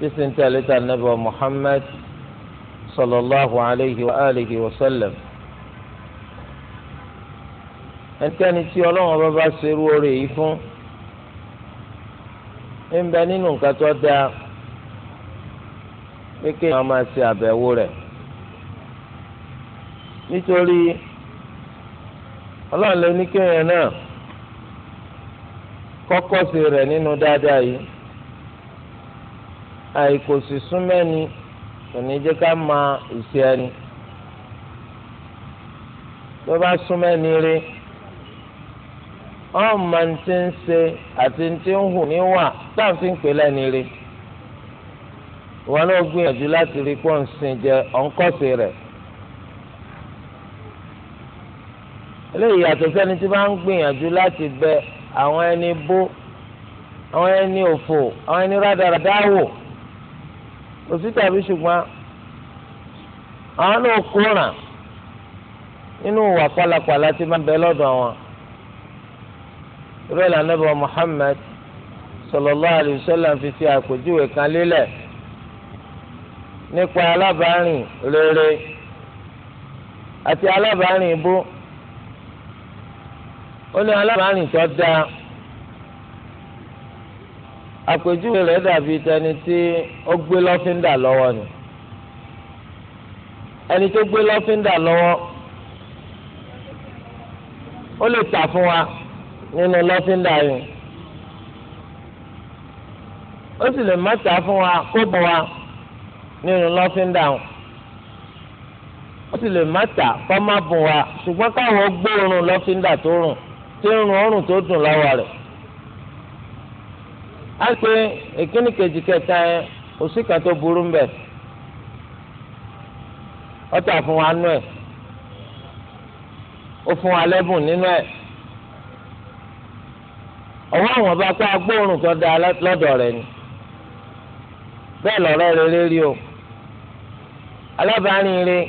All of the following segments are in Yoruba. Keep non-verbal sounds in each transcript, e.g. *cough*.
sísìn tẹ̀lé ta nàbẹ̀ Muhammad sallallahu alayhi wa alihi wa sallam ẹnikẹ́ni tí ọlọ́run fún ń bẹ nítorí ọlọ́run lè ní kéèyàn náà kọ́kọ́ sí rẹ̀ nínú àìkò sì súnmẹ́ni kò ní jẹ́ ká máa ìṣe ẹni tó bá súnmẹ́ni rí ọmọ ti ń ṣe àti ti ń hù níwà táà fi ń pè lẹ́ni rí wọn náà gbìyànjú láti rí pọ́ùn sìn jẹ ọ̀ńkọ́sì rẹ̀. eléyìí yàtọ̀ sẹ́ni tí bá ń gbìyànjú láti bẹ àwọn ẹni bó àwọn ẹni òfò àwọn ẹni rádaràdá wò òsì tàbí ṣùgbọ́n àwọn náà kóràn nínú ìwà pálapàla tí máa ń bẹ lọ́dọ̀ wọn. ìrẹ́ ìlànà ìbọn Muhammad sallallahu alaihi wasallam fi fi àpèjúwe kan lélẹ̀ nípa alábàárìn rere àti alábàárìn ibú ó ní alábàárìn tó dáa àpèjúwe rẹ̀ dàbí tẹni tí ó gbé lọ́fíńdà lọ́wọ́ ni ẹni tó gbé lọ́fíńdà lọ́wọ́ ó lè tà fún wa nínú lọ́fíńdà yìí ó sì lè má tà fún wa kó bọ̀ wa nínú lọ́fíńdà yìí ó sì lè má tà kó má bọ̀ wa ṣùgbọ́n káwọn gbóòórùn lọ́fíńdà tó rùn tí ń rùn ọrùn tó dùn lọ́wọ́ rẹ̀. á pé èkíní kejì kẹta yẹn òsì kan tó burú ń bẹ ọtà wa ó fún wa nínú àwọn bá agbóòrùn kan da lọdọ rẹ ni bẹ́ẹ̀ lọrọ rere rí o alábàárin rẹ̀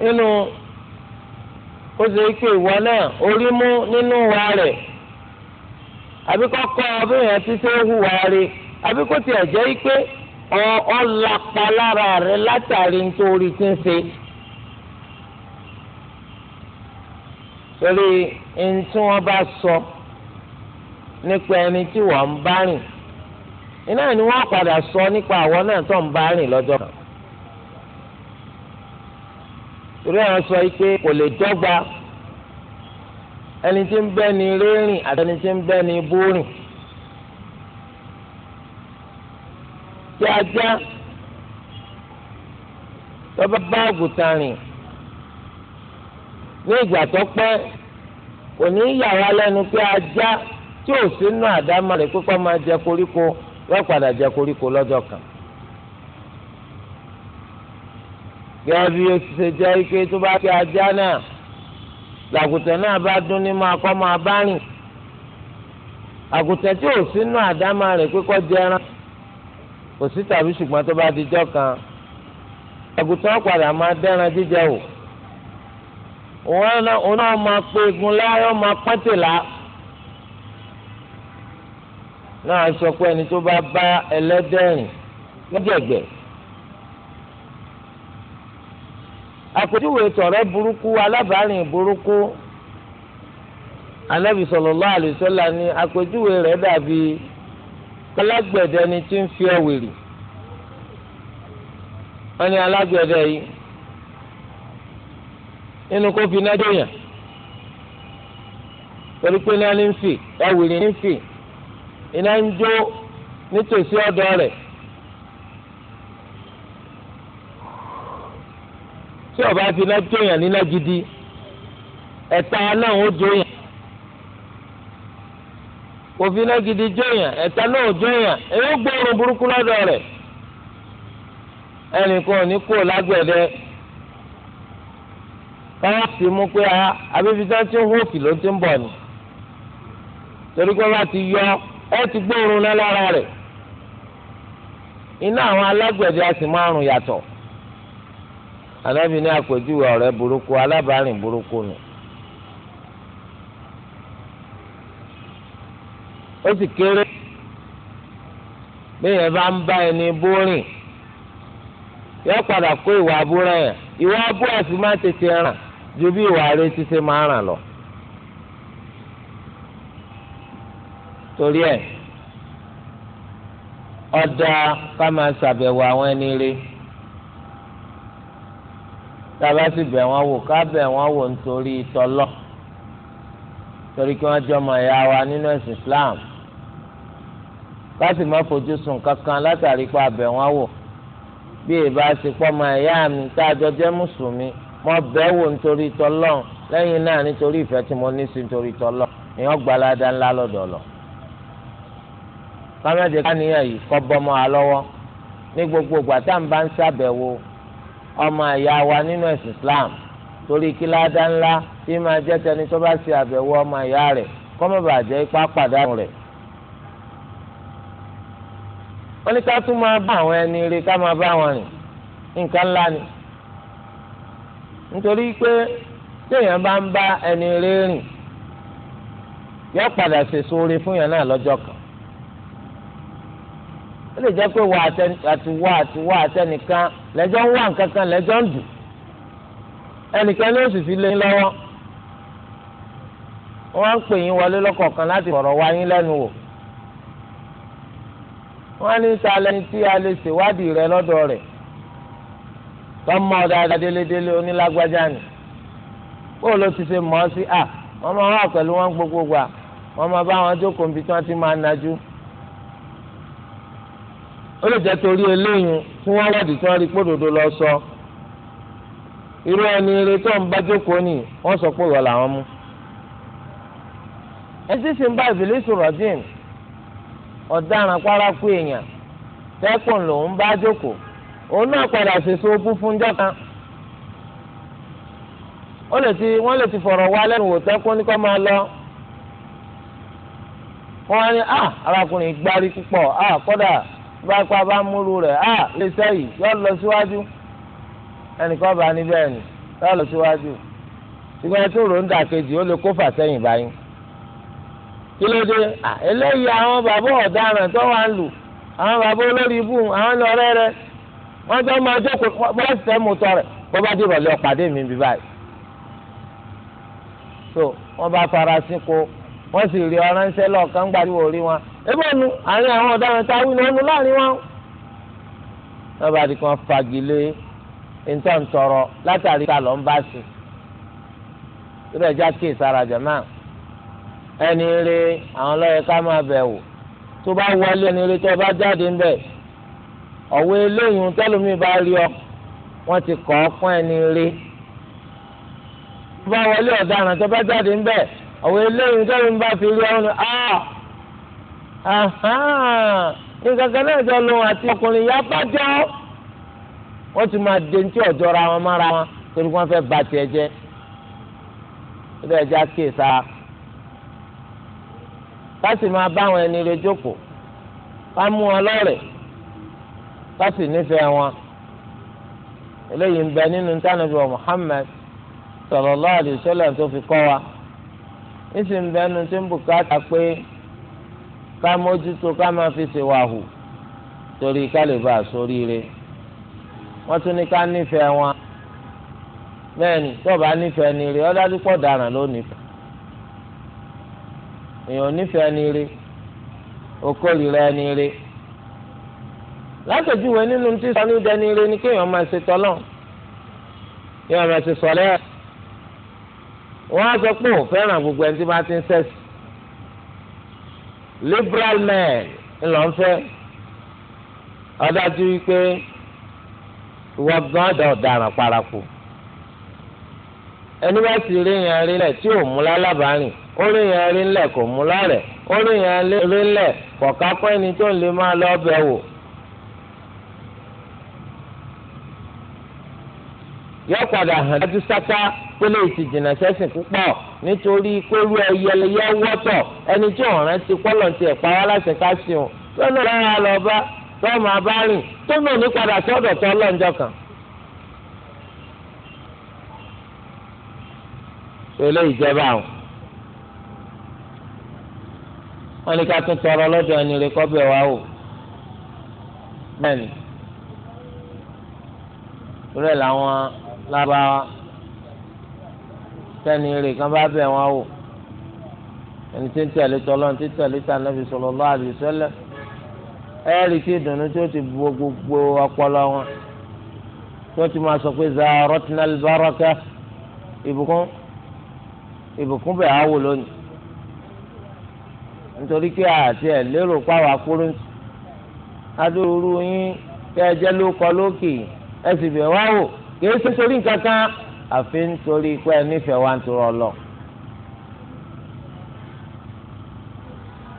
nínú ó ṣe é pé ìwọ náà orí mú wa rẹ àbí kọ́ kọ́ bí èèyàn ti ṣe ń hùwà rí àbí kó tiẹ̀ jẹ́ pé ọ lápá lára rẹ látàrí nítorí tí ń ṣe. torí ẹni tí wọ́n bá sọ nípa ẹni tí wọ́n ń bá rìn iná ni wọ́n padà sọ nípa àwọn náà tó ń bá rìn lọ́jọ́ kan. torí àwọn sọ pé kò lè dọ́gba ẹni tí ń bẹ́ ni rérìn àti ẹni tí ń bẹ́ ni bórìn. tí ajá tó bá bá àgùntàn rìn ní ìgbà tó pẹ́ kò ní yàrá lẹ́nu pé ajá tí ò sínú àdámọ́ rẹ̀ pípọ́ máa jẹ koríko yóò padà jẹ koríko lọ́jọ́ kan. gẹ́gẹ́ bí o ti ṣe jẹ́ ike tó bá fi ajá náà. làgùtàn náà bá dún ní máa kọ́ máa bá rìn àgùtàn tí ò sínú àdámà rẹ̀ pé kó jẹran kò sí tàbí ṣùgbọ́n tó bá jọ́ kan àgùtàn padà máa dẹ́ran jíjẹ o òun náà máa pé egun láyọ̀ máa pẹ́tìlá náà sọ pé ẹni tó bá bá ẹlẹ́dẹ̀rìn lọ́jẹ̀gbẹ̀. àpèjúwe tọ̀rẹ́ burúkú alábàárìn burúkú anabi sallallahu alaihi wasallam ni àpèjúwe rẹ̀ dàbí alágbẹ̀dẹ ni tí ń fi ọ̀wẹ̀rì wọ́n ní alágbẹ̀dẹ yìí nínú kó fi nájọ yàn torí pé náà ní ń fì ọ̀wẹ̀rì ní ń fì iná ń jó nítòsí ọ̀dọ̀ rẹ̀. tí ọba fi iná jó yàn níná gidi ẹ̀ta náà ó jó yàn òfin iná gidi jó yàn ẹ̀ta náà ó jó yàn èyí ó gbóòórùn burúkú lọ́dọ̀ rẹ̀ ẹnìkan ò ní kú lágbẹ̀dẹ káwọn mú pé a ah, abébíjá ń ló ti ń bọ̀ ni torí pé ti yọ ẹ ti gbóòórùn náà lára rẹ̀ iná àwọn a sì máa rùn yàtọ̀. anábì ní àpèjúwe ọ̀rẹ́ burúkú alábàárìn burúkú nù. ó sì kéré bí yẹn bá ń bá ẹni bórìn yóò padà kó ìwà abúrẹ́ yẹn ìwà abúrẹ́ sì máa tètè ràn ju bí ìwà rẹ̀ ti ṣe ràn lọ. torí ẹ̀ ọ̀dà ká máa ṣàbẹ̀wò àwọn ẹni rẹ̀ tába sì bẹ̀ wọ́n wò ká bẹ̀ wọ́n wò nítorí tọlọ́ torí kí wọ́n jọ ọmọ ìyá wa nínú ẹ̀sìn Islam láti má fojú sùn kankan látàrí pa bẹ̀ wọ́n wò bí ìbá ṣe pọ́ ọmọ ìyá mi tá a jọ jẹ́ mùsùlùmí mo bẹ̀ wò nítorí tọlọ́ lẹ́yìn náà nítorí ìfẹ́ tí mo ní sí nítorí tọlọ́ èèyàn gbalada ńlá lọ́dọ̀ lọ kámẹ́jẹ káníyàn yìí kọ́ bọ́mọ alọ́wọ́ ní gbogbo ìgbà tá à ń bá ń ọmọ ìyá wa nínú ẹ̀sìn Islam torí kí ládá ńlá tí máa jẹ́ tẹni tó bá ṣe àbẹ̀wò ọmọ ìyá rẹ̀ kọ́mọ̀bàjẹ́ ipá pàdánù rẹ̀ wọ́n ní ká tún máa bá àwọn ẹni rí ká máa bá wọn rìn nǹkan ńlá ni nítorí pé téèyàn bá ń bá ẹni rí rìn yóò padà ṣe sóore fún yàn náà lọ́jọ́ kan ó lè jẹ́ pé wà àti wà àti wà àtẹnìkan lẹ́jọ́ ń wà nǹkankan lẹ́jọ́ ń dù ẹnìkan ló sì fi lé lọ́wọ́ wọ́n ń pè yín wọlé lọ́kọ̀ọ̀kan láti fọ̀rọ̀ wá yín lẹ́nu wò wọ́n ní ta lẹ́ni tí a lè ṣèwádìí rẹ lọ́dọ̀ rẹ̀ tọ́mọ dáadáa délédélé onílágbájá ni bó ló ti ṣe mọ́ sí à wọ́n máa wà pẹ̀lú wọn gbogbo gbà wọ́n máa bá wọn jókòó níbi tí wọ́n ti máa najú ó lè jẹ́ torí eléyìí tí wọ́n wádìí tí wọ́n rí pódòdó lọ sọ irú ẹni eré tó ń bá jókòó nì wọ́n sọ pé ìwọ làwọn mú. ẹtí sì ń bá ọ̀daràn paraku èèyàn tẹ́kùn lòún bá jókòó òun náà padà ṣèṣe ogún fún jọ́ka. ó lè ti wọ́n lè ti fọ̀rọ̀ wá lẹ́nu wò tẹ́kùn ní kó máa lọ. wọ́n á ní ah, arákùnrin gbárí púpọ̀ ah, bá pa bá múru rẹ̀ á lè sẹ́yìn yọ lọ síwájú ẹnìkan bá ní bẹ́ẹ̀ ni yọ lọ síwájú ṣùgbọ́n ẹtú rò ń dà kejì ó lè kó fà sẹ́yìn báyìí kí ló dé eléyìí àwọn bàbá ọ̀daràn tó wà ń lù àwọn bàbá olórí ibù àwọn ní ọ̀rẹ́ rẹ̀ wọ́n tó máa jókòó wọ́n sì fẹ́ mú tọ́ rẹ̀ bá dé ìrọ̀lẹ́ ọ̀pàdé mi bí báyìí so wọ́n bá fara sí ko wọ́n sì rí ọ̀ránṣẹ́ ẹgbẹ́ nu àárín àwọn ọ̀daràn tá a wí lọ́nu láàrin wọn. wọ́n bá di kan fagilé ntọ́ntọ́rọ látàrí ká lọ́n bá sí. ìrẹ̀ já kí ìsara jàmá ẹni rí àwọn lọ́yẹ ká máa bẹ̀ wò tó bá wọlé ẹni rí tó bá jáde ń bẹ̀ ọ̀wé eléyìí tẹ́lómi bá rí ọ wọ́n ti kọ́ ọ fún ẹni rí tó bá wọlé ọ̀daràn tó bá jáde ń bẹ̀ ọ̀wé eléyìí tẹ́lómi bá fi rí ọ ní ah, nǹkan kan náà jọ lòun àti ọkùnrin yá bá jọ ti máa ní tí ra wọn wọn torí ká sì máa bá àwọn ẹni rẹ jókòó ká mú wọn ká sì wọn eléyìí nínú tánàbí wa Sọlọ fi wa ní sì ń bẹ ká mójútó ká máa fi ṣe wà hù torí ká lè bá a sóríire wọ́n tún ní ká nífẹ̀ẹ́ wọn bẹ́ẹ̀ni tọ́ba nífẹ̀ẹ́ ni rí ọdájú pọ̀ dáràn lónìí èèyàn nífẹ̀ẹ́ ni rí okòrìíra ẹni rí látòjúwe nínú tí sọ ní dẹni rí ni kéèyàn máa ṣe tọ́lọ̀ kéèyàn máa ṣe sọ̀lẹ́ wọ́n á sọ pé òun fẹ́ràn gbogbo ẹni tí bá ti ń sẹ́sì liberal men ńlọ́nfẹ́ ọdájú wípé ìwọ gan ọ̀dà ọ̀daràn paraku ẹni bá sì rí yẹn rí lẹ̀ tí ò mú lálábàárìn ó rí yẹn rí lẹ̀ kò mú lọ́rẹ̀ ó rí yẹn rí lẹ̀ kọ̀ọ̀ká ẹni tó ń lè máa lọ́ọ́ bẹ̀ wò. yọ padà hàn dájú sáká pé lè ti jìnnà sẹ́sìn púpọ̀ nítorí kóró ẹyẹlẹyẹ wọ́tọ̀ ẹni tí ọ̀ràn ti pọ́lọ̀ ti ẹ̀pá wá láṣẹ ká sí òun lọ́nà rárá lọ bá tọ́ọ̀mù abárìn tó náà ní padà sọ́dọ̀ tó ọlọ́njọ́ kan. pẹ̀lú ìjẹba àwọn wọn ní ká tún tọrọ lọ́dọ̀ ẹni rẹ kọ́bẹ̀ wá o bẹ́ẹ̀ ni làwọn lábáwá sẹ́ni rè kan bá bẹ̀ wọ́n wò ẹni tí ń tẹ̀lé tọ́lọ́ ní tẹ̀lé tà nàbì sallallahu alaihi wasallam ẹ̀rí tí ìdùnnú tí ó ti bu gbogbo ọpọlọ wọn tí wọ́n ti máa sọ pé zaratna al-baraka ìbùkún ìbùkún bẹ̀ á wò lónìí nítorí pé àti ẹ̀ lérò pàwọ́ akúrú adúrú yín kẹ́ ẹ jẹ́ ló kọ lókè ẹ sì bẹ̀ wá wò kì í ṣe torí nǹkan kan àfi nítorí pé ẹ nífẹ̀ẹ́ wa ń torọ ọlọ.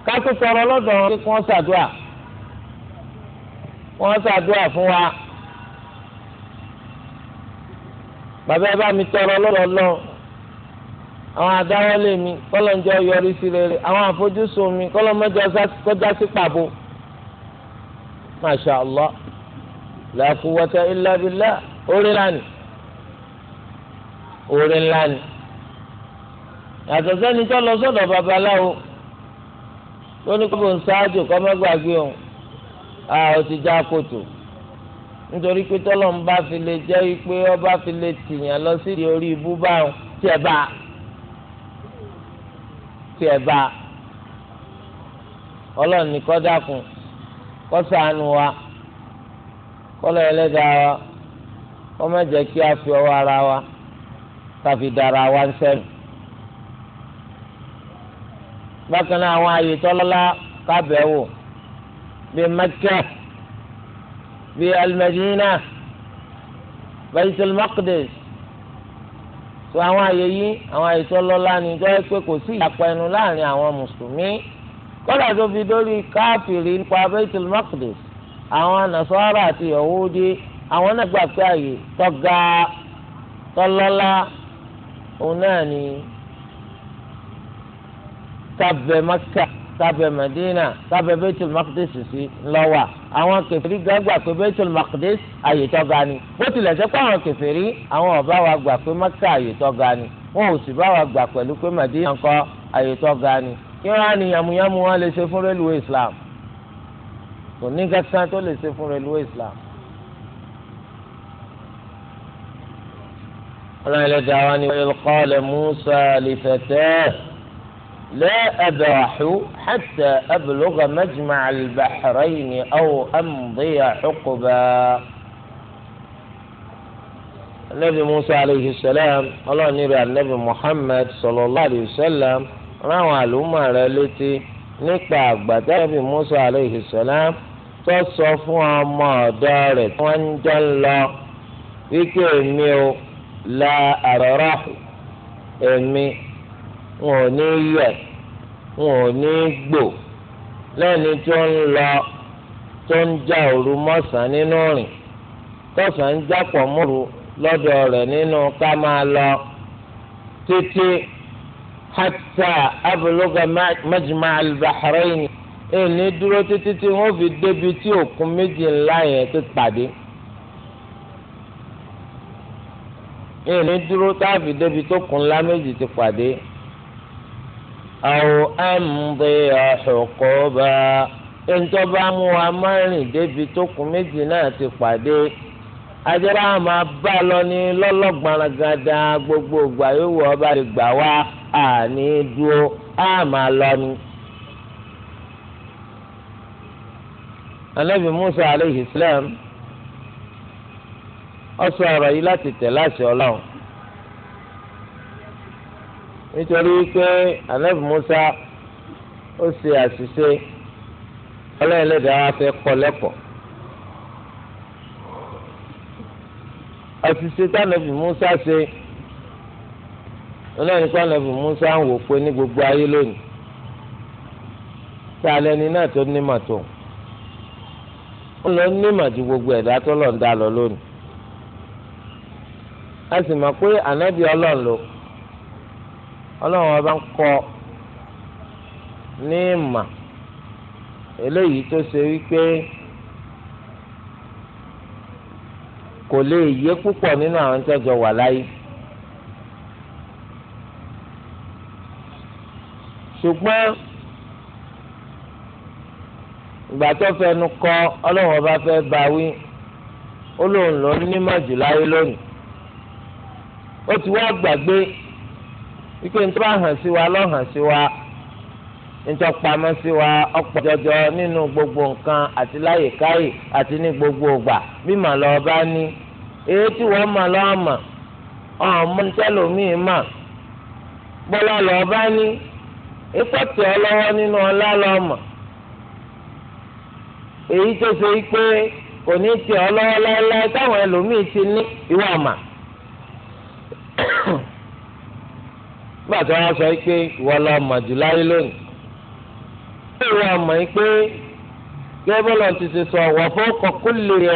kátó tọrọ lọ́dọ̀ kí wọ́n ṣàdúrà wọ́n ṣàdúrà fún wa bàbá ẹ bá mi tọrọ lọ́dọ̀ lọ́wọ́ àwọn adáwọlé mi kọlọ́njọ́ yọrí sí rere àwọn àfojúsùn mi kọlọ́mọjọ kọjá sí pàbó masha allah la quwwata orí ńlá ni orí ńlá ni yàtọ̀ sẹ́ni tó lọ sọ́dọ̀ babaláwo tó ní kókò ń ṣáájú kọ́ mẹ́gbàgbé òun a ò ti já kòtò nítorí pé tọ́lọ̀ ń bá fi lè jẹ́ pé ọba fi lè tìyàn lọ sí ìdí orí ibú báwọn tí ẹ bá tí ẹ bá ọlọ́run kọ́ dákun kọ́ ṣàánú wa kọ́lọ́ ẹlẹ́dàá wa wọ́n má jẹ́ kí a fi ọwọ́ ara wa ká fi dára wa ń sẹ́nu. bákan náà àwọn ààyè tọ́lọ́lá kábẹ́ wò bíi Mẹ́kà bíi Al-Madina Baitul Maqdis tó àwọn ààyè yìí àwọn ààyè tọ́lọ́lá ni jọ́ pé kò sí ìyapa láàrin àwọn mùsùlùmí kọ́dà tó fi dórí káàfìrí nípa Baitul àwọn Nasara àti Yahudi àwọn náà gbà pé àyè tọ́ga tọ́lọ́lá òun náà ni kábẹ́ maka kábẹ́ madina kábẹ́ bẹ́tùl makdis sí lọ́wà àwọn kẹfìrí gbàgbà pé bẹ́tùl makdis àyè tọ́ga ni bó tilẹ̀ sẹ́ pé àwọn kẹfìrí àwọn ọ̀bá wa gbà pé maka àyè tọ́ga ni wọn ò sì bá wa gbà pẹ̀lú pé madina kọ́ àyè tọ́ga ni kí wọ́n á ní yàmùyàmù wọn lè ṣe fún rélùwé islam قلنا إلى دعواني وإذ قال موسى لفتاه لا أبرح حتى أبلغ مجمع البحرين أو أمضي حقبا النبي موسى عليه السلام الله نبي النبي محمد صلى الله عليه وسلم روى الأمر التي نكبع النبي موسى عليه السلام تصفوا ما دارت وانجلا بكي ميو la àrọ̀rọ̀ èmi wọn ò ní yẹ wọn ò ní gbò lẹ́ni tó ń lọ tó ń já òru mọ́sàn-án nínú rìn tọ́sàn-án ń jápọ̀ mọ́ru lọ́dọ̀ rẹ̀ nínú ká máa lọ títí hatta abúlóga majma al-bahrain ní dúró títí tí wọ́n fi débi tí òkun méjì ńlá yẹn ti pàdé. ìní dúró táàfì débi tó kùn ńlá méjì ti pàdé àwọn àmúdé àṣọkọ bá ẹnitọ́ bá mú wa márìn débi tó kùn méjì náà ti pàdé ajẹ́rọ́ àmà máa bá a lọ ní lọ́lọ́gbọ̀nrangada gbogbo ìgbà yòówù ọba lè gbà wá àní dúró á lọ ni. anabi musa aleyhi salam. ọsọ ọ̀rọ̀ yìí láti tẹ̀ láṣẹ Ọlọ́run nítorí pé anabi Musa ó ṣe àṣìṣe Ọlọ́run lẹ́dàá fẹ́ kọ́ lẹ́kọ̀ọ́ àṣìṣe tànàbì Musa ṣe Ọlọ́run tànàbì Musa ń wò pé ní gbogbo ayé lónìí tá a lẹni náà tó ní màtó ń lọ ní màtó gbogbo ẹ̀dá tó lọ́ọ́ lọ lónìí. a sì mọ̀ pé ànábì ọlọ́run ló ọlọ́run ọba ń kọ́ ní ìmà eléyìí tó ṣe wípé kò lè yé púpọ̀ nínú àwọn tó wà láyé ṣùgbọ́n ìgbà tó fẹnu kọ ọlọ́run ọba fẹ́ bá wí ó lóun ló ní mọ̀jù láyé lónìí. ó ti wá gbàgbé wípé ní sí wa lọ́ hàn sí wa sí gbogbo nǹkan àti láyè káyè àti ní gbogbo ògbà bí lo lọ bá ní èyí tí wọ́n mà lọ́ mà ọ̀mọ́ nítẹ́lómìn mà bọ́lá lọ bá ní ọlọ́wọ́ nínú ọlá lọ èyí tó ṣe pé kò ní ti ọlọ́wọ́ láéláé táwọn ẹlòmíì ti ní ìwà gba tí wọ́n sọ pé wọ́n lọ mọ̀ jù láyé lónìí. pé ti sọ wọ́n lè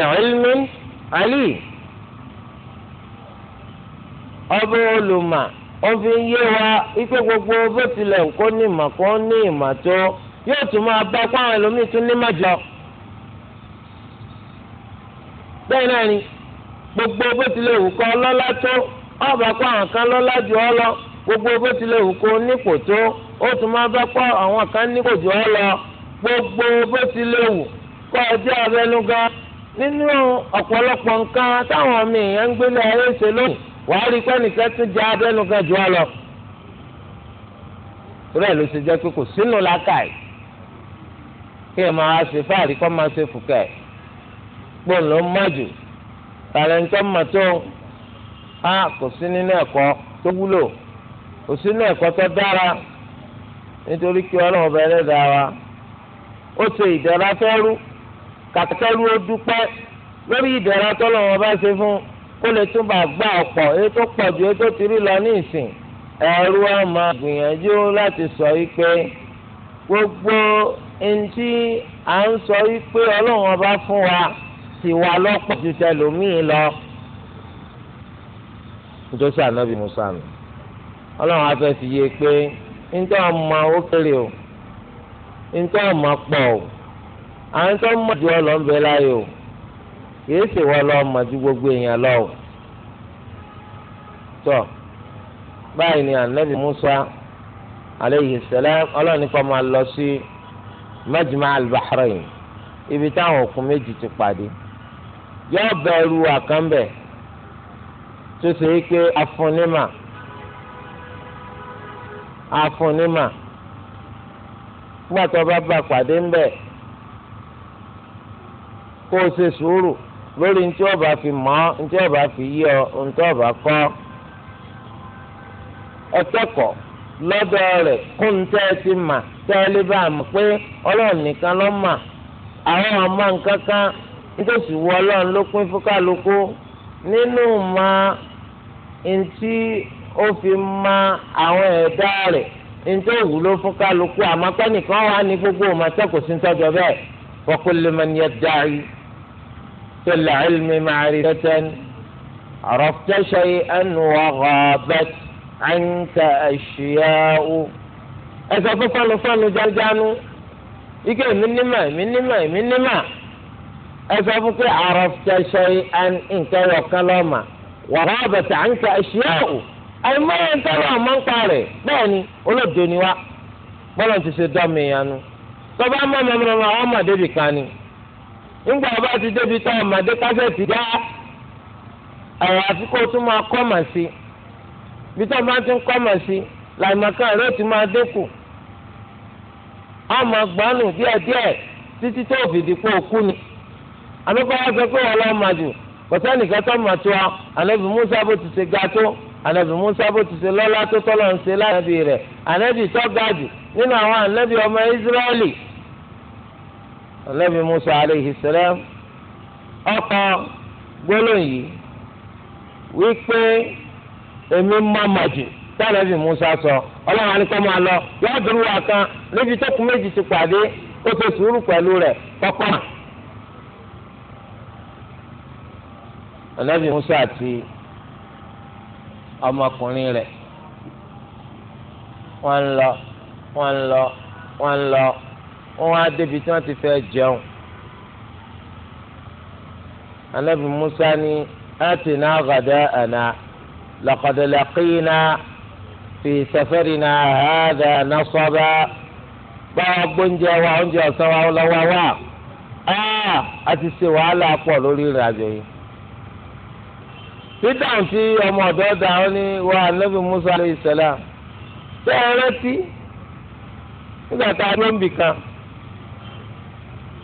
ali. wa gbogbo bó tilẹ̀ kó ní ìmọ̀ kó ní bá ẹlòmíì tún ní bẹ́ẹ̀ náà ni gbogbo bó tilẹ̀ wù kọ́ lọ́lá tó ọba kan gbogbo bó tilẹ̀ wù kó nípò tó ó tún máa bá pọ̀ àwọn kan nípò jù ọ́ lọ gbogbo bó tilẹ̀ wù kó ọjọ́ abẹnú gan nínú ọ̀pọ̀lọpọ̀ nǹkan táwọn ọmọ èèyàn ń gbélé ayé ṣe lónìí wàá rí pé nìkan tún jẹ abẹnú gan jù ọ́ lọ. rẹ̀ ló ṣe jẹ́ pé kò sínú làákàyè kí ẹ máa ṣe fáàrí kọ́ máa ṣe fùkẹ́ gbọ́n ló ń mọ̀jù tàlẹ́ńtọ́ mọ̀ tó a kò sí nínú ẹ̀kọ́ tó wúlò òsínú ẹ̀kọ́ tó dára nítorí kí ọlọ́run ọba ẹlẹ́dàá wa ó ṣe ìdẹ̀ra fẹ́rú kàkẹ́rú ó dúpẹ́ lórí ìdẹ̀ra tọ́lọ́run ọba ṣe fún kó lè túbà gbà ọ̀pọ̀ èyí tó pọ̀ ju èyí tó ti rí lọ ní ìsìn ẹ̀rú á máa gbìyànjú láti sọ yìí pé gbogbo ntí à ń sọ yìí pé ọlọ́run ọba fún wa ti wà lọ́pọ̀ ju tẹlòmíì lọ. nítorí ànábì musa nù ọlọ́run afẹ́ fi yé e pé níta ọmọ ó kéré o níta ọmọ pọ̀ o àwọn tó mọ̀ ju ọlọ́ọ̀bẹ láyé o kìí ṣe wọ́n lọ́ọ́ mọ̀ ju gbogbo èèyàn lọ o tọ́ báyìí ni anabi musa aleyhi salam ọlọ́run nípa máa lọ sí majma al-bahrain ibi táwọn òkun méjì ti pàdé yọ bẹ̀rù àkànbẹ̀ tó ṣe é pé afúnímà. afunima gbàtọ́ bá bá pàdé ńbẹ kó o ṣe sùúrù ọba fi mọ̀ ntí ọba fi yí ọ ntí ọba kọ ẹ̀kẹ́kọ̀ọ́ lọ́dọ̀ rẹ̀ kó ti mà tẹ́ ẹ lé bá a mọ̀ pé ọlọ́run nìkan ló mà àwọn ma ntí ó fi ma àwọn ẹ̀dá rẹ̀ nítorí òwúlò fún kálukú àmọ́ pé nìkan wà ní gbogbo òmàṣẹ́ kò sí ń tọ́jọ́ bẹ́ẹ̀ wa kullu man yadda'i fil ilmi ma'rifatan arafta shay'an wa ghabat anka ashya'u. ẹ sọ fún fọlùfọlù jájánu ike èmi nímà èmi nímà fún pé arafta shay'an nǹkan ọ̀kan lọ́ọ̀mà àìmọye ń tọ́lọ̀ àmọ́ ń pa rẹ̀ bẹ́ẹ̀ ni olóòdo ni wá bọ́lọ̀ ti ṣe dọ́mi ìyanu tọ́ba mọ́ mọ́mọ́mọ́ àwọn ọmọ débi kan ni nígbà ọba ti débi tọ́ ọmọdé kásẹ̀tì dá ẹ̀rọ àti tún máa kọ́ mà sí bí tọ́ bá tún kọ́ mà sí làìmọ̀kan rẹ̀ ti máa dínkù ọmọ gbanù díẹ̀díẹ̀ títí tó fi dìpọ̀ òkú ni àmì kọ́ wá sọ pé wọ́n anabi musa bó ti ṣe lọ́lá tó tọ́lọ̀ ń ṣe láàbì rẹ̀ anabi tọ́gàjù nínú àwọn anabi ọmọ israẹli anabi musa aleyhi salam ọkọ gbólóhùn yìí wípé èmi má mà jù tánàbì musa sọ ọlọ́run àníkọ́ máa lọ yóò dúró wà kan níbi tó kún méjì ti pàdé ó ti sùúrù pẹ̀lú rẹ̀ kọ́kọ́ anabi musa ti ọmọkùnrin rẹ̀ wọ́n ń lọ wọ́n ń lọ wọ́n ń lọ wọ́n wá débi tí wọ́n ti fẹ́ jẹun anabi musa ni atina gada ana laqad laqina fi safarina hada nasaba báwa gbóúnjẹ wa oúnjẹ ọ̀sán wa lọ́wọ́ wa a ti ṣe wàhálà pọ̀ lórí ìrìnàjò yìí títàn tí ọmọ ọ̀dọ́ dà ó ní wa anabi musa alayhi salam tẹ́ ẹ rántí nígbà tá a ló ń bì kan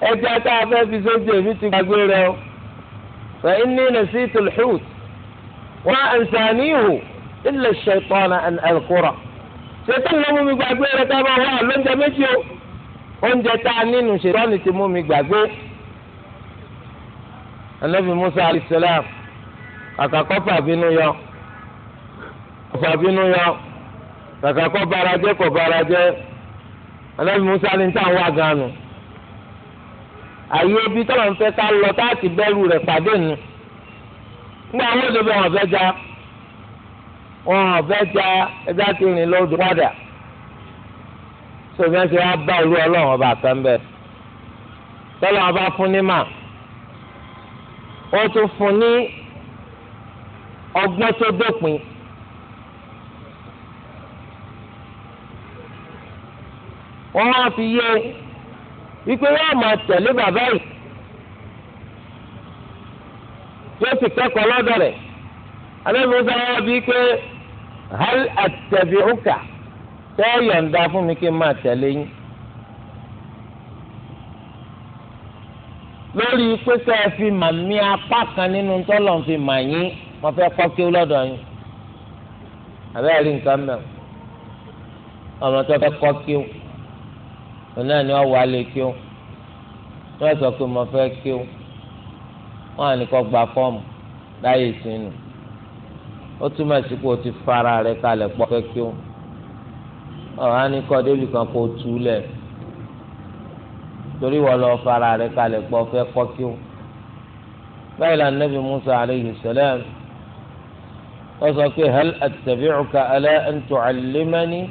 ẹja tá a fẹ́ fi sójú èmi ti gbàgbé rẹ o fa inni nasitu al-hut wa ansanihu illa ash-shaytana an ṣètò ló mú mi gbàgbé rẹ tá a máa lóúnjẹ méjì o oúnjẹ tá a nínú ṣètò ti mú mi gbàgbé anabi musa alayhi salam kàkàkọ́ fàbínú yọ fàbínú yọ kàkàkọ́ barajẹ́ kò barajẹ́ anabi musa ni tá à ń wá ganu àyè ibi tó máa ń fẹ́ ká lọ táàtì bẹ́rù rẹ̀ pàdé nu nígbà wọn ò débi wọn fẹ́ já wọn ò fẹ́ já ẹja ti rìn lódò padà sọfẹ́ ṣe wá bá olú ọlọ́run ọba kan bẹ́ẹ̀ tọ́lọ́ ọba fún ní mà ó tún fún ní ọgbọ́n tó dópin. wọ́n wá fi yé wípé yóò máa tẹ̀lé bàbá yìí yóò sì kẹ́kọ̀ọ́ lọ́dọ̀ rẹ̀ alẹ́lùmọ́sá wọn bí pé hal àtẹ̀bíhùkà tẹ́ yọ̀ǹda fún mi kí n máa tẹ̀lé yín. lórí pé sẹ́ẹ̀ fi màmí apá kan nínú tọ́lọ̀ fi mà yín wọ́n fẹ́ kọ́ kí ó lọ́dọ̀ yín àbẹ́ rí nǹkan mẹ́ ọmọ tó fẹ́ kọ́ kí ó òun náà ni wọ́n wà lé kí ó wọ́n sọ pé mo fẹ́ kí ó wọ́n á ní kọ́ gba fọ́ọ̀mù láyé sínú ó túmọ̀ sí pé o ti fara rẹ kalẹ̀ pọ̀ fẹ́ kí ó ọ̀hán ní kọ́ débi kan kó tú lẹ̀ torí wọ́n lọ fara rẹ kalẹ̀ pọ̀ fẹ́ kọ́ kí ó báyìí la Nabi Musa alayhi salam wọ́n sọ pé hal attabi'uka ala an tu'allimani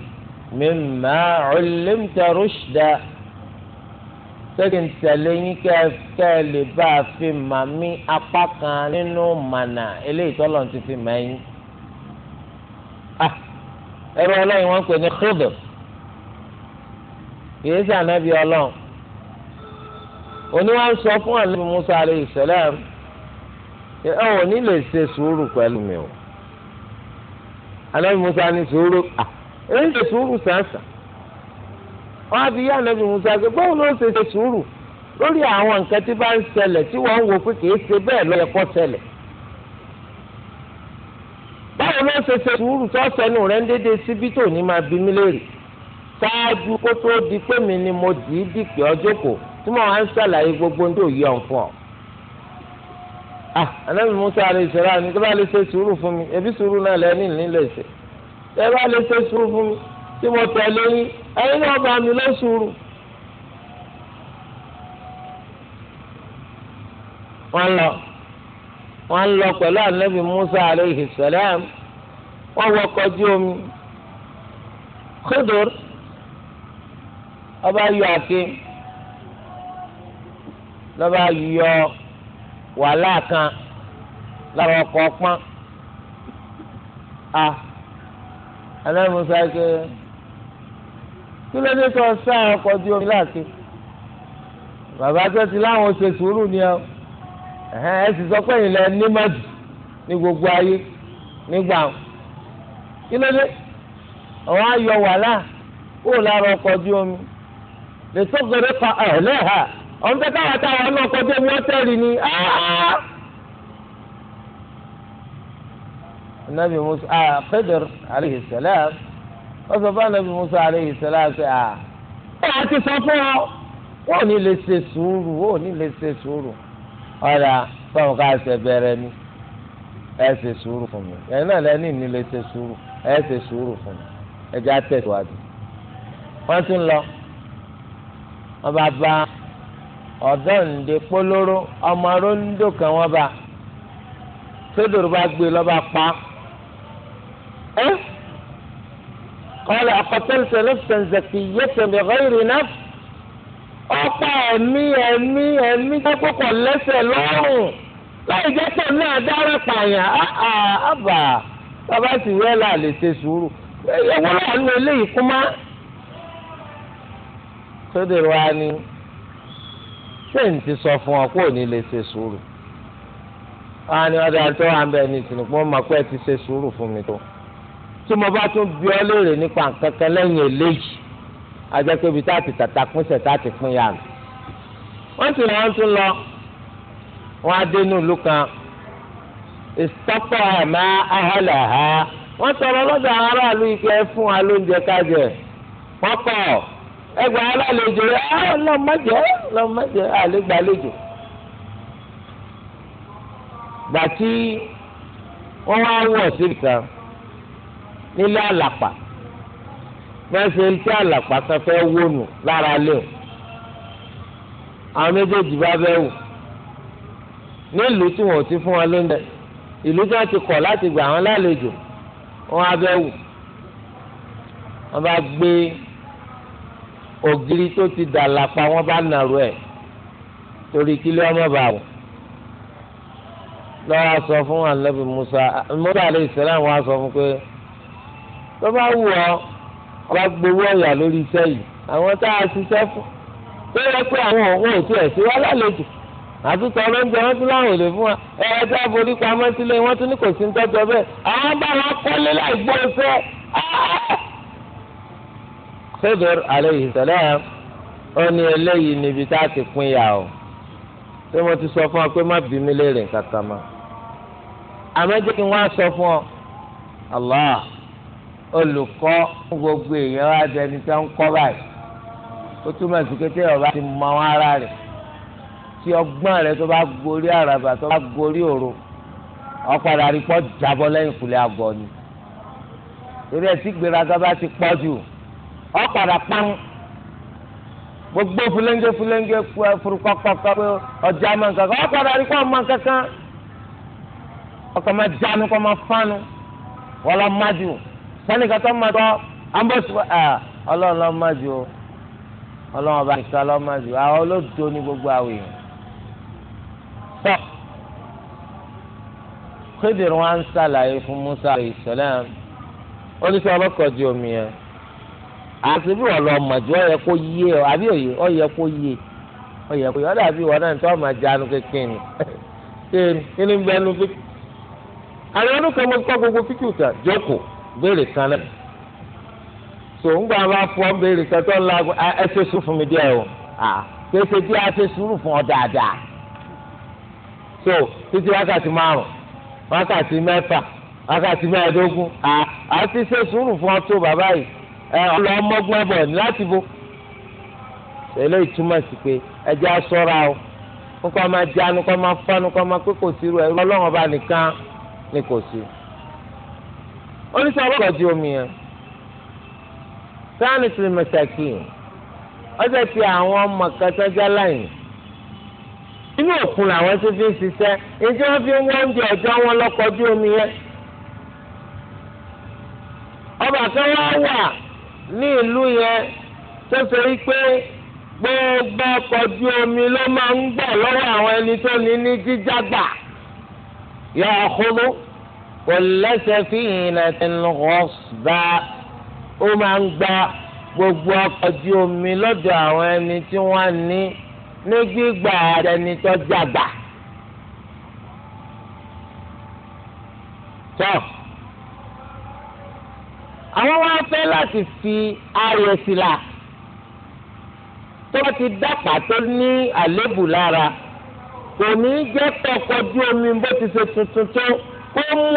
mimma 'ullimta rushda sẹ́kìn tẹ̀lé yín kẹ́ ẹ lè bá a fi mà mí apá kan nínú mànà eléyìí tọ́lọ̀ ti fi mà yín. Ah, ẹ̀rọ ọlọ́run wọn pè ní Khidr kìí sí ànábì ọlọ́run. oníwà ń sọ fún ànábì Musa alayhi salam ẹ ò ní lè ṣe sùúrù pẹ̀lú mi o anabi musa ní sùúrù à èyí ṣe sùúrù sàǹsà wọn á fi yá anabi musa pé báwo ló ṣe ṣe sùúrù lórí àwọn nǹkan tí bá ń ṣẹlẹ̀ tí wọ́n ń wò pé kìí ṣe bẹ́ẹ̀ lọ́yẹ kó ṣẹlẹ̀ báwo ló ṣe ṣe sùúrù tó ṣẹnu rẹ̀ ń dédé síbi tó ní máa bí mí léèrè ṣáájú kó tó di pé mi ni mo dì í dìpẹ́ ọjọ́ kò tí mo wá ń ṣàlàyé gbogbo ń dò yí ọ̀n ah anabi musa alayhi salaam ni tó bá lè ṣe sùúrù fún mi ebi sùúrù náà lẹ́ni nílẹ̀ ṣe tó bá lè ṣe sùúrù fún mi tí mo tẹ̀lé yín ẹ̀yin náà bá mi lọ sùúrù. wọ́n lọ wọ́n lọ pẹ̀lú anabi musa alayhi wọ́n wọ kọjú omi kódòr ọba yọ àti lọ́ba yọ wàhálà kan lára ọkọ̀ ọpọ́n a aláìmọ̀sá ike kí ló dé tó sá ọkọ̀ ojú omi láti bàbá tó ti láwọn ṣe sùúrù ni ọ ẹ sì sọ pé ìlẹ̀ nímọ̀dù ní gbogbo ayé nígbà kí ló dé àwọn ayọ̀ wàhálà kó lára ọkọ̀ ojú omi lè tó gbèrè pa ẹ̀lẹ́hà ọ̀n fẹ́ káwa táwa náà kọjá ní ọ́tẹ́ẹ̀lì ni anabi musa ah Khidr alayhi salam wọ́n sọ fún anabi musa alayhi salam ṣe ah ẹ̀ àti sọ fún ọ wọ́n ò ní lè ṣe sùúrù wọ́n ò ní lè ṣe sùúrù ọ̀dà báwo ká ṣe bẹ̀rẹ̀ ni ẹ ṣe sùúrù fún mi ẹ̀ náà lẹ́ni ní lè ṣe sùúrù ẹ ṣe sùúrù fún mi ẹ jẹ́ àtẹ̀síwájú wọ́n tún lọ wọ́n bá bá ọ̀dọ́ǹde polóró ọmọ rondo kan wọ́n bá sódòrò bá gbé e lọ́ba pa ẹ́ kọ́lá ọ̀kọ́tẹ́lẹ́sẹ̀ lọ́sẹ̀ǹsẹ̀kì yẹ́tẹ̀lẹ̀ ọ̀rẹ́rì náà ọ̀pá ẹ̀mí ẹ̀mí ẹ̀mí kọ́kọ́ lẹ́sẹ̀ lọ́rùn láì jẹ́ pé náà dára pààyàn àbà bàbá sì wẹ́lá lè ṣe sùúrù ẹ̀wọ́n náà eléyìí kú má sódòrò wa ni. n ti sọ fún ọ pé òní lè ṣe sùúrù wọn á ní ọdọ àti ọwọ ní ìsìnkú pé ẹ mo bá tún bí ọ léèrè nípa nǹkan kan eléyìí ajẹ́ pé a ti tàtà pínṣẹ̀ tá a ti pín yàrá sì wọ́n tún lọ wọ́n á dé ní kan ìsọ́pọ̀ àmọ́ ahọ́lẹ̀ ha wọ́n tọrọ lọ́dọ̀ aráàlú ike fún wa lóúnjẹ kájẹ pọpọ. ẹgbà alálejò rẹ ọlọmọdé ọlọmọdé àlégbàlejò gbàtí wọn wá wọ síbìkan nílé àlàpà fẹsẹ tí àlàpà kan fẹ́ wónù lára lẹwọn àwọn méjèèjì bá bẹ wò nílùú tí wọn ò ti fún wọn lóúnjẹ ìlú tí wọn ti kọ̀ láti gbà wọn lálejò wọn á bẹ wò wọn bá gbé ògiri tó ti dà lápá wọn bá nàró ẹ̀ torí kílé ọmọ bá wọn lọ́wọ́ sọ fún anabi musa musa aleyhi salam wá sọ fún pé tó bá wù ọ́ wá gbowó ọ̀yà lórí iṣẹ́ yìí àwọn tá a ṣiṣẹ́ fún tó yẹ pé àwọn òun ò tiẹ̀ sí wá lálejò àtúntò ọlọ́njẹ wọn tún láwọn èlé fún wa ẹ̀rọ tí a forí pamọ́ sílé wọn tún ní kò sí ń tọ́jọ́ bẹ́ẹ̀ àwọn bá wọn kọ́lé láì gbọ́ iṣẹ́ ah, Khidr aleyhi salam ó ní eléyìí níbi tá a ti pín yà ó tí mo ti sọ fún ọ pé má bí mi léèrè kankan mọ́ àmọ́ kí n wá sọ fún ọ Allah olùkọ́ gbogbo èèyàn wá dẹni tó ń kọ́ báyìí ó túmọ̀ sí pé téèyàn bá ti mọ ara rẹ̀ tí ọgbọ́n rẹ̀ tó bá gorí àràbà tó bá gorí òru ọ̀padà rí pọ́ jábọ́ lẹ́yìn kùlẹ̀ àgọ́ ni torí ẹ̀ tí gbéraga bá ti pọ̀ jù ọ̀padà pán gbogbo fúlẹ́ńgẹ́ fúlẹ́ńgẹ́ furukọ́kọ́kọ́ pé ọjà máa ń kankan ọ̀padà rí kọ́ máa ń kankan ọkọ̀ máa jánu kọ́ máa fánu wọ́n lọ má jù sẹ́nìkan tó máa tọ́ ambọ́sùpá ọlọ́run lọ́ má jù ọlọ́run ọba nìkan lọ́ má jù àwọn olóòtú ní gbogbo àwìn yìí tọ́ Khidir wọn ń ṣàlàyé fún Musa alayhi salam ó ní sọ di omi yẹn àti bí wọn lọ mọ̀ tí wọ́n yẹ kó yé ọ àbí òye ọ yẹ kó yé ọ yẹ kó yé ọ dàbí ìwọ náà tí wọ́n máa jánu kékeré ni *laughs* kí ni bẹ́ẹ̀ nu fíkì. àwọn ọdún kan mo kọ́ gbogbo fíkì ìtàn jókòó béèrè kan náà. sò ń gbà bá fọ́ béèrè kan tó ń la ẹ ṣe sùn fún mi díẹ̀ o kéṣe bí a ṣe sùúrù fún ọ dáadáa. so títí wákàtí márùn-ún wákàtí mẹ́fà wákàtí mẹ́ẹ̀ẹ́dógún àti ṣe sùúrù fún ọ tó bàbá yìí ẹ ọlọ ọmọgbọn bọ ní láti bo eléyìí túmọ̀ sí pé ẹjẹ́ aṣọra o nǹkan máa jẹ́ anu kọ́ máa fọ́ anu kọ́ máa pé kò sí irú ẹ̀rú ọlọ́run ọba nìkan ni kò sí. oníṣẹ́ ọlọ́kọ̀ di omi yẹn sáàni tìrì mẹ́sàkì ọ̀sẹ̀ ti àwọn ọmọ kẹtẹ́jẹ́ láyìn inú òkun làwọn ti fi ń ṣiṣẹ́ ìjọ fi ń wọ́n ọjọ́ wọn lọ́kọ̀ omi yẹn ọba kan wá wà ní ìlú yẹn tó ṣe rí pé gbogbo ọkọ̀ ojú omi ló máa ń gbọ̀ lọ́wọ́ àwọn ẹni tó ní ní jíjàgbà yọ ọ̀húnú kò lẹ́sẹ̀ fi ìhìnà tẹnugọ́sbà ó máa ń gba gbogbo ọkọ̀ omi lọ́dọ̀ àwọn ẹni tí wọ́n ní ní gbígbà ẹni tó jàgbà. So, àwọn wá fẹ́ láti fi ààrẹ la tó bá ti dàpà tó ní àlébù lára kò ní jẹ́ tọkọjú omi bó ti ṣe tuntun tó kó mú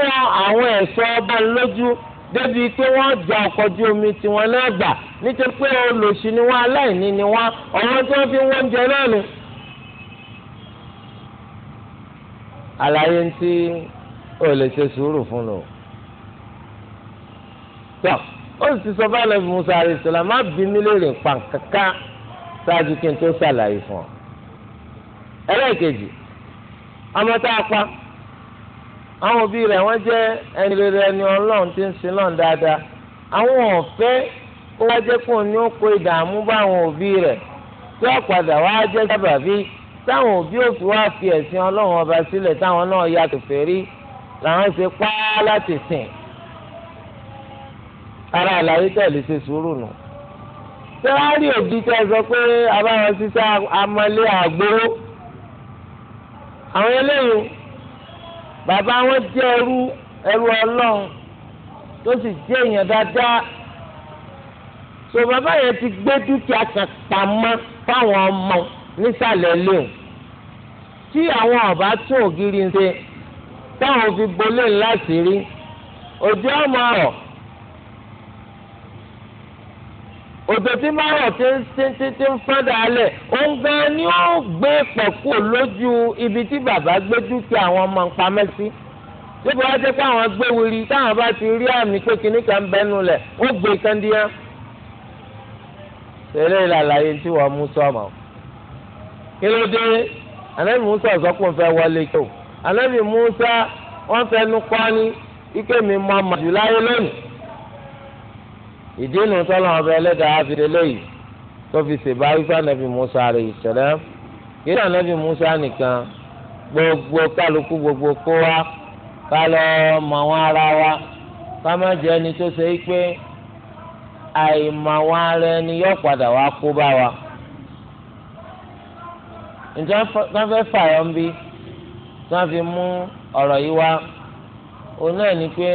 àwọn ẹ̀ṣọ́ ọba lójú débi pé wọ́n ja ọkọjú omi tiwọn lẹ́gbà nítorí pé olòṣì ni wọ́n aláìní ni wọ́n ọ̀rọ̀ tí wọ́n fi wọ́n jẹ náà ni. àlàyé ń tí o ṣe sùúrù fún lò tọ́ ó sì sọ bá lẹ́bi musa àrísọ́lá má bí mi léèrè pa kankan ṣáájú kí n tó ṣàlàyé fún ọ. ẹlẹ́ẹ̀kejì ọmọ tá a pa àwọn òbí rẹ̀ wọ́n jẹ́ ẹni rere ẹni ọlọ́run tí ń sin lọ́n dáadáa àwọn ọ̀fẹ́ ó wá jẹ́ kó ní ó kó ìdààmú bá àwọn òbí rẹ̀ tí ó padà wá jẹ́ sábàbí táwọn òbí ò fi wá fi ẹ̀sìn ọlọ́run ọba sílẹ̀ táwọn náà yàtọ̀ fẹ́ rí làwọn ṣe pa á láti sìn ara àlàyé tẹ̀lé ṣe sùúrù nù. sẹ́wárì òbí tẹ sọ pé abáwọn ṣiṣẹ́ amọ̀lé àgbóró àwọn eléyìí bàbá wọn jẹ́ ẹrú ẹrú ọlọ́run tó sì jẹ́ èèyàn dáadáa so bàbá yẹn ti gbé dúkìá kan pamọ́ fáwọn ọmọ nísàlẹ̀ lóhùn tí àwọn ọba tún ògiri ń ṣe táwọn fi bolé ńlá sí rí òjò ọmọ ọ̀rọ̀ òjò tí márùn ti ń títí tí ń fọ́n dálẹ̀ òun gan ni ó gbé pọ̀kú lójú ibi tí bàbá gbé dúkìá àwọn ọmọ nǹkan mẹ́sí níbo wá jẹ́ pé àwọn gbé wuli táwọn bá ti rí àmì pé kinní kan bẹ́nu lẹ̀ ó gbé kandíyàn. tẹ́lẹ̀ ìlàlàyé tí wọ́n mú sọ́mọ́ kí ló dé ànábì Musa ọ̀sọ́kùn fẹ́ wọlé tó ànábì Musa wọ́n fẹnu kọ́ ni ike mi mọ màdùláyé lónìí ìdínú tọ́lọ̀ ọba ẹlẹ́dàá fi lélẹ́yìí tó fi ṣèbá wípé ànábì Musa alayhi salam kí ní ànábì Musa nìkan gbogbo kálukú gbogbo kó wa ká lọ mọ àwọn ara wa ká má jẹ́ ẹni tó ṣe é pé àìmọ̀ àwọn ara ẹni yóò padà wá kó bá wa. ǹjẹ́ wọ́n fẹ́ fààyàn bí tí wọ́n fi mú ọ̀rọ̀ yìí wá òun náà ni pé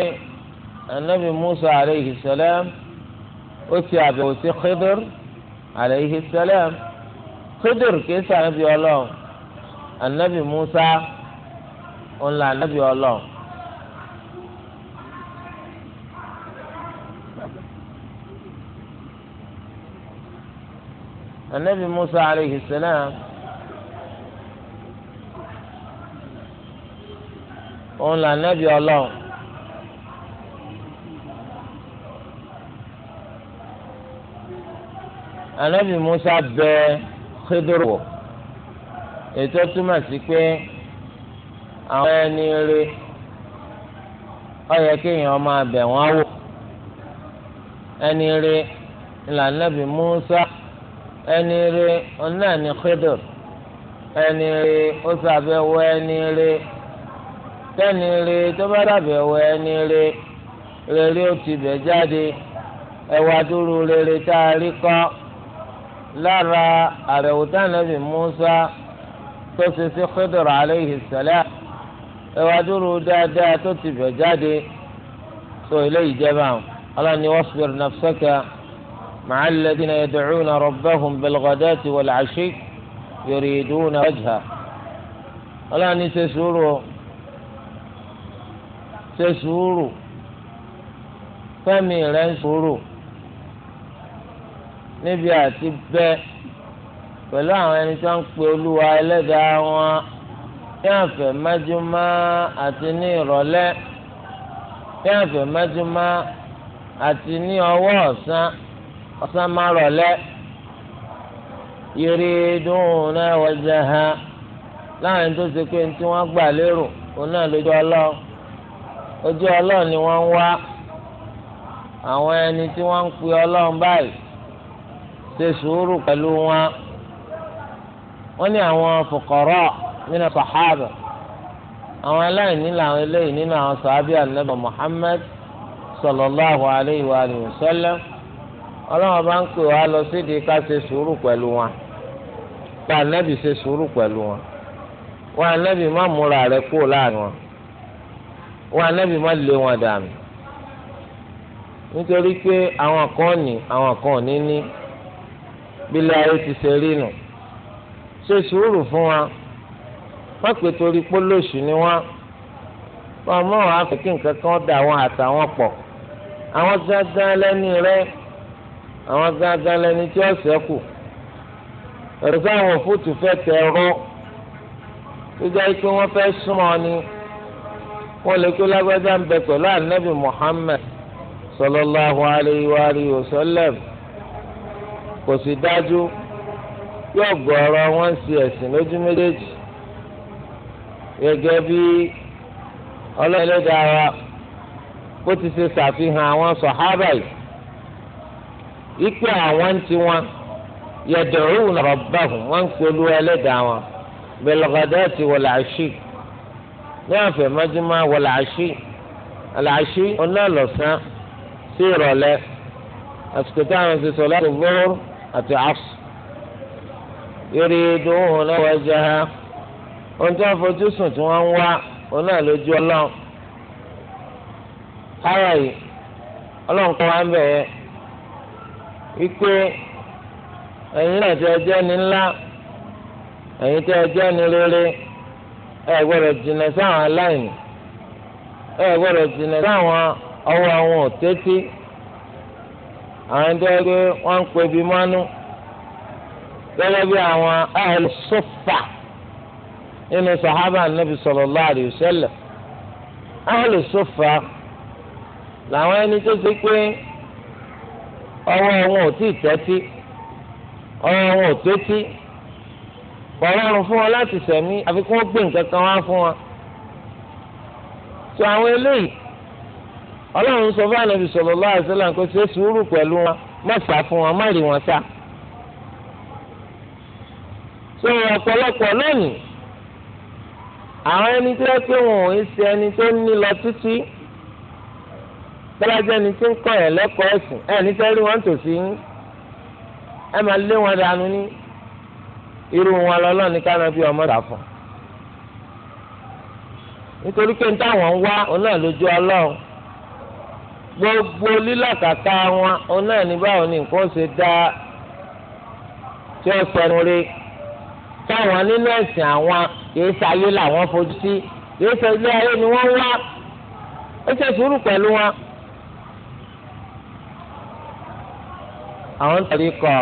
ànábì Musa alayhi salam ó ṣe àbẹ̀wò sí Khidir alayhi salam Khidir kìí sànàbí ọlọ́run anabi Musa ńlá anabi ọlọ́run. anabi Musa alayhi salam ńlá anabi ọlọ́run. anabi musa bẹ Khidru wò ètò túmọ̀ sí pé àwọn ẹni rí ọyẹ kéèyàn máa bẹ̀ wọ́n wò ẹni rí ńlànàbì musa ẹni rí ọ̀nàní Khidru ẹni rí ó sàbẹ̀wò ẹni rí tẹ́ni rí tó bá dàbẹ̀wò ẹni rí rere ó ti bẹ̀ jáde ẹwà dúró rere tá a rí kọ́ lára àrẹ̀wòtá nàbì Musa tó ṣe sí Khidr alayhi salam ẹ̀wájúrú dáadáa tó ti bẹ̀ jáde tó ilé ìjẹba ọlọ́ni wasbir nafsaka ma'a alladhina yad'una rabbahum bilghadati wal 'ashi yuriduna wajha ọlọ́ni ṣe sùúrù ṣe sùúrù fẹ́mi rẹ̀ ń sùúrù níbi àti bẹ́ pẹ̀lú àwọn ẹni tó ń pe olúwa ẹlẹ́dàá wọn ní àfẹ̀mẹ́júmọ́ àti ní ìrọ̀lẹ́ ní àfẹ̀mẹ́júmọ́ àti ní ọwọ́ ọ̀sán ọ̀sán má rọ̀lẹ́ yuriduna wajha láwọn tó ṣe pé tí wọ́n gbà lérò òun náà lójú ọlọ́ọ̀ ojú ọlọ́ọ̀ ni wọ́n ń wá àwọn ẹni tí wọ́n ń pe ọlọ́ọ̀ báyìí. ṣe sùúrù pẹ̀lú wọn wọ́n ní àwọn fòkọ̀rọ̀ nínú sàhábà àwọn aláìní làwọn eléyìí nínú àwọn sàhábì ànábì Muhammad sallallahu alayhi wa sallam ọlọ́wọ́n bá ń pè wá lọ sídìí ká ṣe sùúrù pẹ̀lú wọn ká ṣe sùúrù pẹ̀lú wọn wọn ànábì má múra rẹ̀ láàrin wọn wọn ànábì má lé wọn dànù nítorí pé àwọn kan ní àwọn kan ní ní. bílẹ̀ ayé ti ṣe rí nù ṣe sùúrù fún wa wọ́n pè torí pólóṣù ni wọ́n wọ́n mọ̀ wá pé kí nǹkan kan dà wọ́n àtàwọn pọ̀ àwọn gángan lẹ́ni rẹ àwọn gángan lẹ́ni tí ó ṣẹ́kù ẹ̀rọ sáwọn òfútù fẹ́ tẹ̀ ẹ̀rọ tó jẹ́ pé wọ́n fẹ́ súnmọ́ ni wọ́n lè kó lágbájá ń bẹ pẹ̀lú ànábì Muhammad sallallahu alayhi wa sallam kò sì dájú yóò gbọ́rọ̀ wọn sí ẹ̀sìn lójú méjèèjì gẹ́gẹ́ bí ọlọ́ọ̀lẹ́dàá bó ti ṣe ṣàfihàn àwọn sọ̀hábà yìí wípé àwọn ń tiwọn yad'una rabbahum wọ́n ń pẹ̀lú ẹlẹ́dàá wọn bil-ghadati wal-'ashi ní àfẹ̀mọ́júmọ́ wal-'ashi al-'ashi ọ̀nà lọ́sàn sí ìrọ̀lẹ́ àsìkò táwọn ti sọ láti gbọ́rọ̀. àti asr yuriduna ohun tí wọ́n fojú sùn tí wọ́n ń wá òun náà lójú ọlọ́run yìí ọlọ́run kọ́ wa ń bẹ̀ wípé ẹ̀yin náà ni ńlá ẹ̀yin ni rere gbọ́dọ̀ sáwọn aláìní gbọ́dọ̀ sáwọn ọwọ́ àwọn òtẹ́tí. àwọn ẹni tó yẹ pé wọ́n gẹ́gẹ́ bí àwọn ahlu sọfà nínú sahaba anabi sallallahu alayhi wa sallam ahlu làwọn ẹni tó ṣe pé ọwọ́ wọn ò tí ì tẹ́tí wọn ò tẹ́tí fún wọn láti àfi wọ́n wá fún wọn. tó àwọn eléyìí ọlọ́run sọ fún ànábì sallallahu alaihi wasallam kó ṣe sùúrù pẹ̀lú wọn má sá fún wọn má rí wọn sá. sọ ọ̀pọ̀lọpọ̀ lónìí àwọn ẹni tó yẹ pé wọn ò ń ṣe ẹni tó ní lọ títí tọ́lájẹ́ ẹni tí ń kọ́ ẹ̀ lẹ́kọ̀ọ́ ẹ̀sìn ẹ̀ nífẹ̀ẹ́ rí wọn tòsí ẹ máa lé wọn dànù ní irú wọn lọ́lọ́ ní káná bí ọmọ rà fún. nítorí pé ní táwọn ń wá òun náà lójú ọlọ́run gbogbo lílàkàkà wọn òun náà ní báwo ni nǹkan ṣe dá tí ó sọnù rí táwọn nínú ẹ̀sìn àwọn kìí ṣayé làwọn fojú sí kìí ṣe ilé ayé ni wọ́n wá ó ṣe sùúrù pẹ̀lú wọn. àwọn tẹ̀lé kọ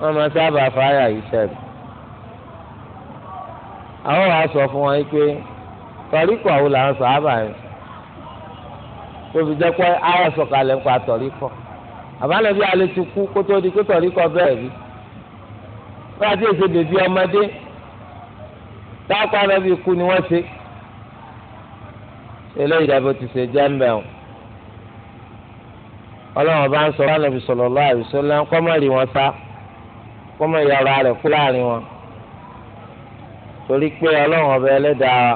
wọ́n máa sábà fáyà yìí sẹ́ẹ̀. àwọn wàá sọ fún wọn pé tọ̀ríkọ̀ àwọn làwọn sọ àbàyàn tó fi jẹ́ pé ayọ̀ sọ̀kalẹ̀ ń pa tọ̀rí kọ́ àbálẹ̀bí alẹ́ ti kú kó tó di pé tọ̀rí kọ́ bẹ́ẹ̀ rí wọ́n àti èsè bèbí ọmọdé táwọn anábì kú ni wọ́n ṣe eléyìí dàbí o ti ṣe jẹ́ ń bẹ̀ ọ́ bá ń sọ anábì sallallahu alaihi wasallam kọ́mọ̀rì wọn sá kọ́mọ̀ ìyàrá rẹ̀ kú láàrin wọn torí pé ọlọ́run ọba ẹlẹ́dàá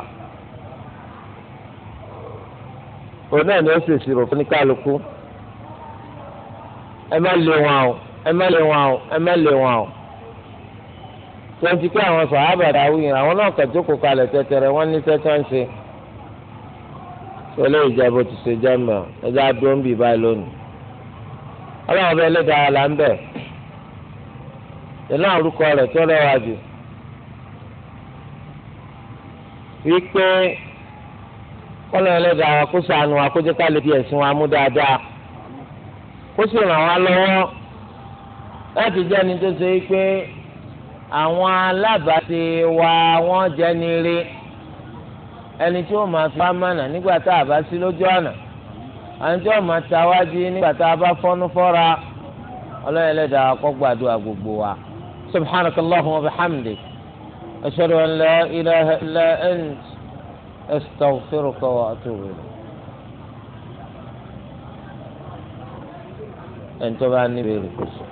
òun náà ni ó sì ṣírò fún kálukú ẹ má lé wọn o ẹ má lé wọn o ẹ má lé wọn o tẹ́ntì pé àwọn sàhábà dáwù yìí àwọn náà kà jókòó kalẹ̀ tẹ́tẹ́rẹ́ wọ́n ní tẹ́tẹ́ ń ṣe sọlẹ́ ìjẹ́bù ti ṣe jẹ́ mọ́ ẹjẹ́ ń bì báyìí lónìí ọlọ́run bẹ́ẹ̀ lé dára là ń bẹ̀ ìlú àrùkọ rẹ̀ tó lọ́wọ́ wípé kọ́lọ́ ẹlẹ́dàá wa kó ṣàánú wa kó jẹ́ ká lè fi ẹ̀sìn wa mú dáadáa kó sì ràn wá lọ́wọ́ láti jẹ́ ẹni tó ṣe é pé àwọn alábàáṣe wa wọ́n jẹ́ ni rí ẹni tí ó máa fi wá mọ̀nà nígbà tá a bá sí lójú ọ̀nà àwọn tí ó máa ta wájú nígbà tá a bá fọ́nú fọ́ra ọlọ́run ẹlẹ́dàá wa gbàdúrà gbogbo wa subhanakallahumma wa bihamdik ashhadu an la ilaha illa ant. أستغفرك وأتوب إليك ẹnitọ́ bá ní ìbéèrè kò sọ.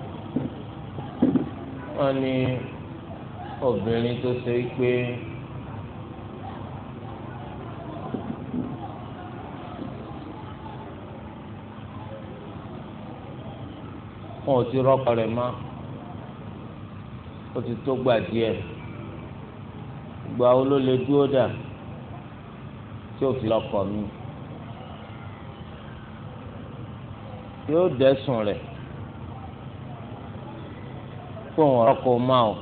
wọ́n ní obìnrin tó ṣe pé wọn ò ti rọ́pò rẹ̀ mọ́ ó ti tó gbà díẹ̀ gbà ó ló lè dúró dà tí ó fi lọ́kọ mi yóò dẹ́sùn rẹ̀ kó wọn rọ́kọ máa o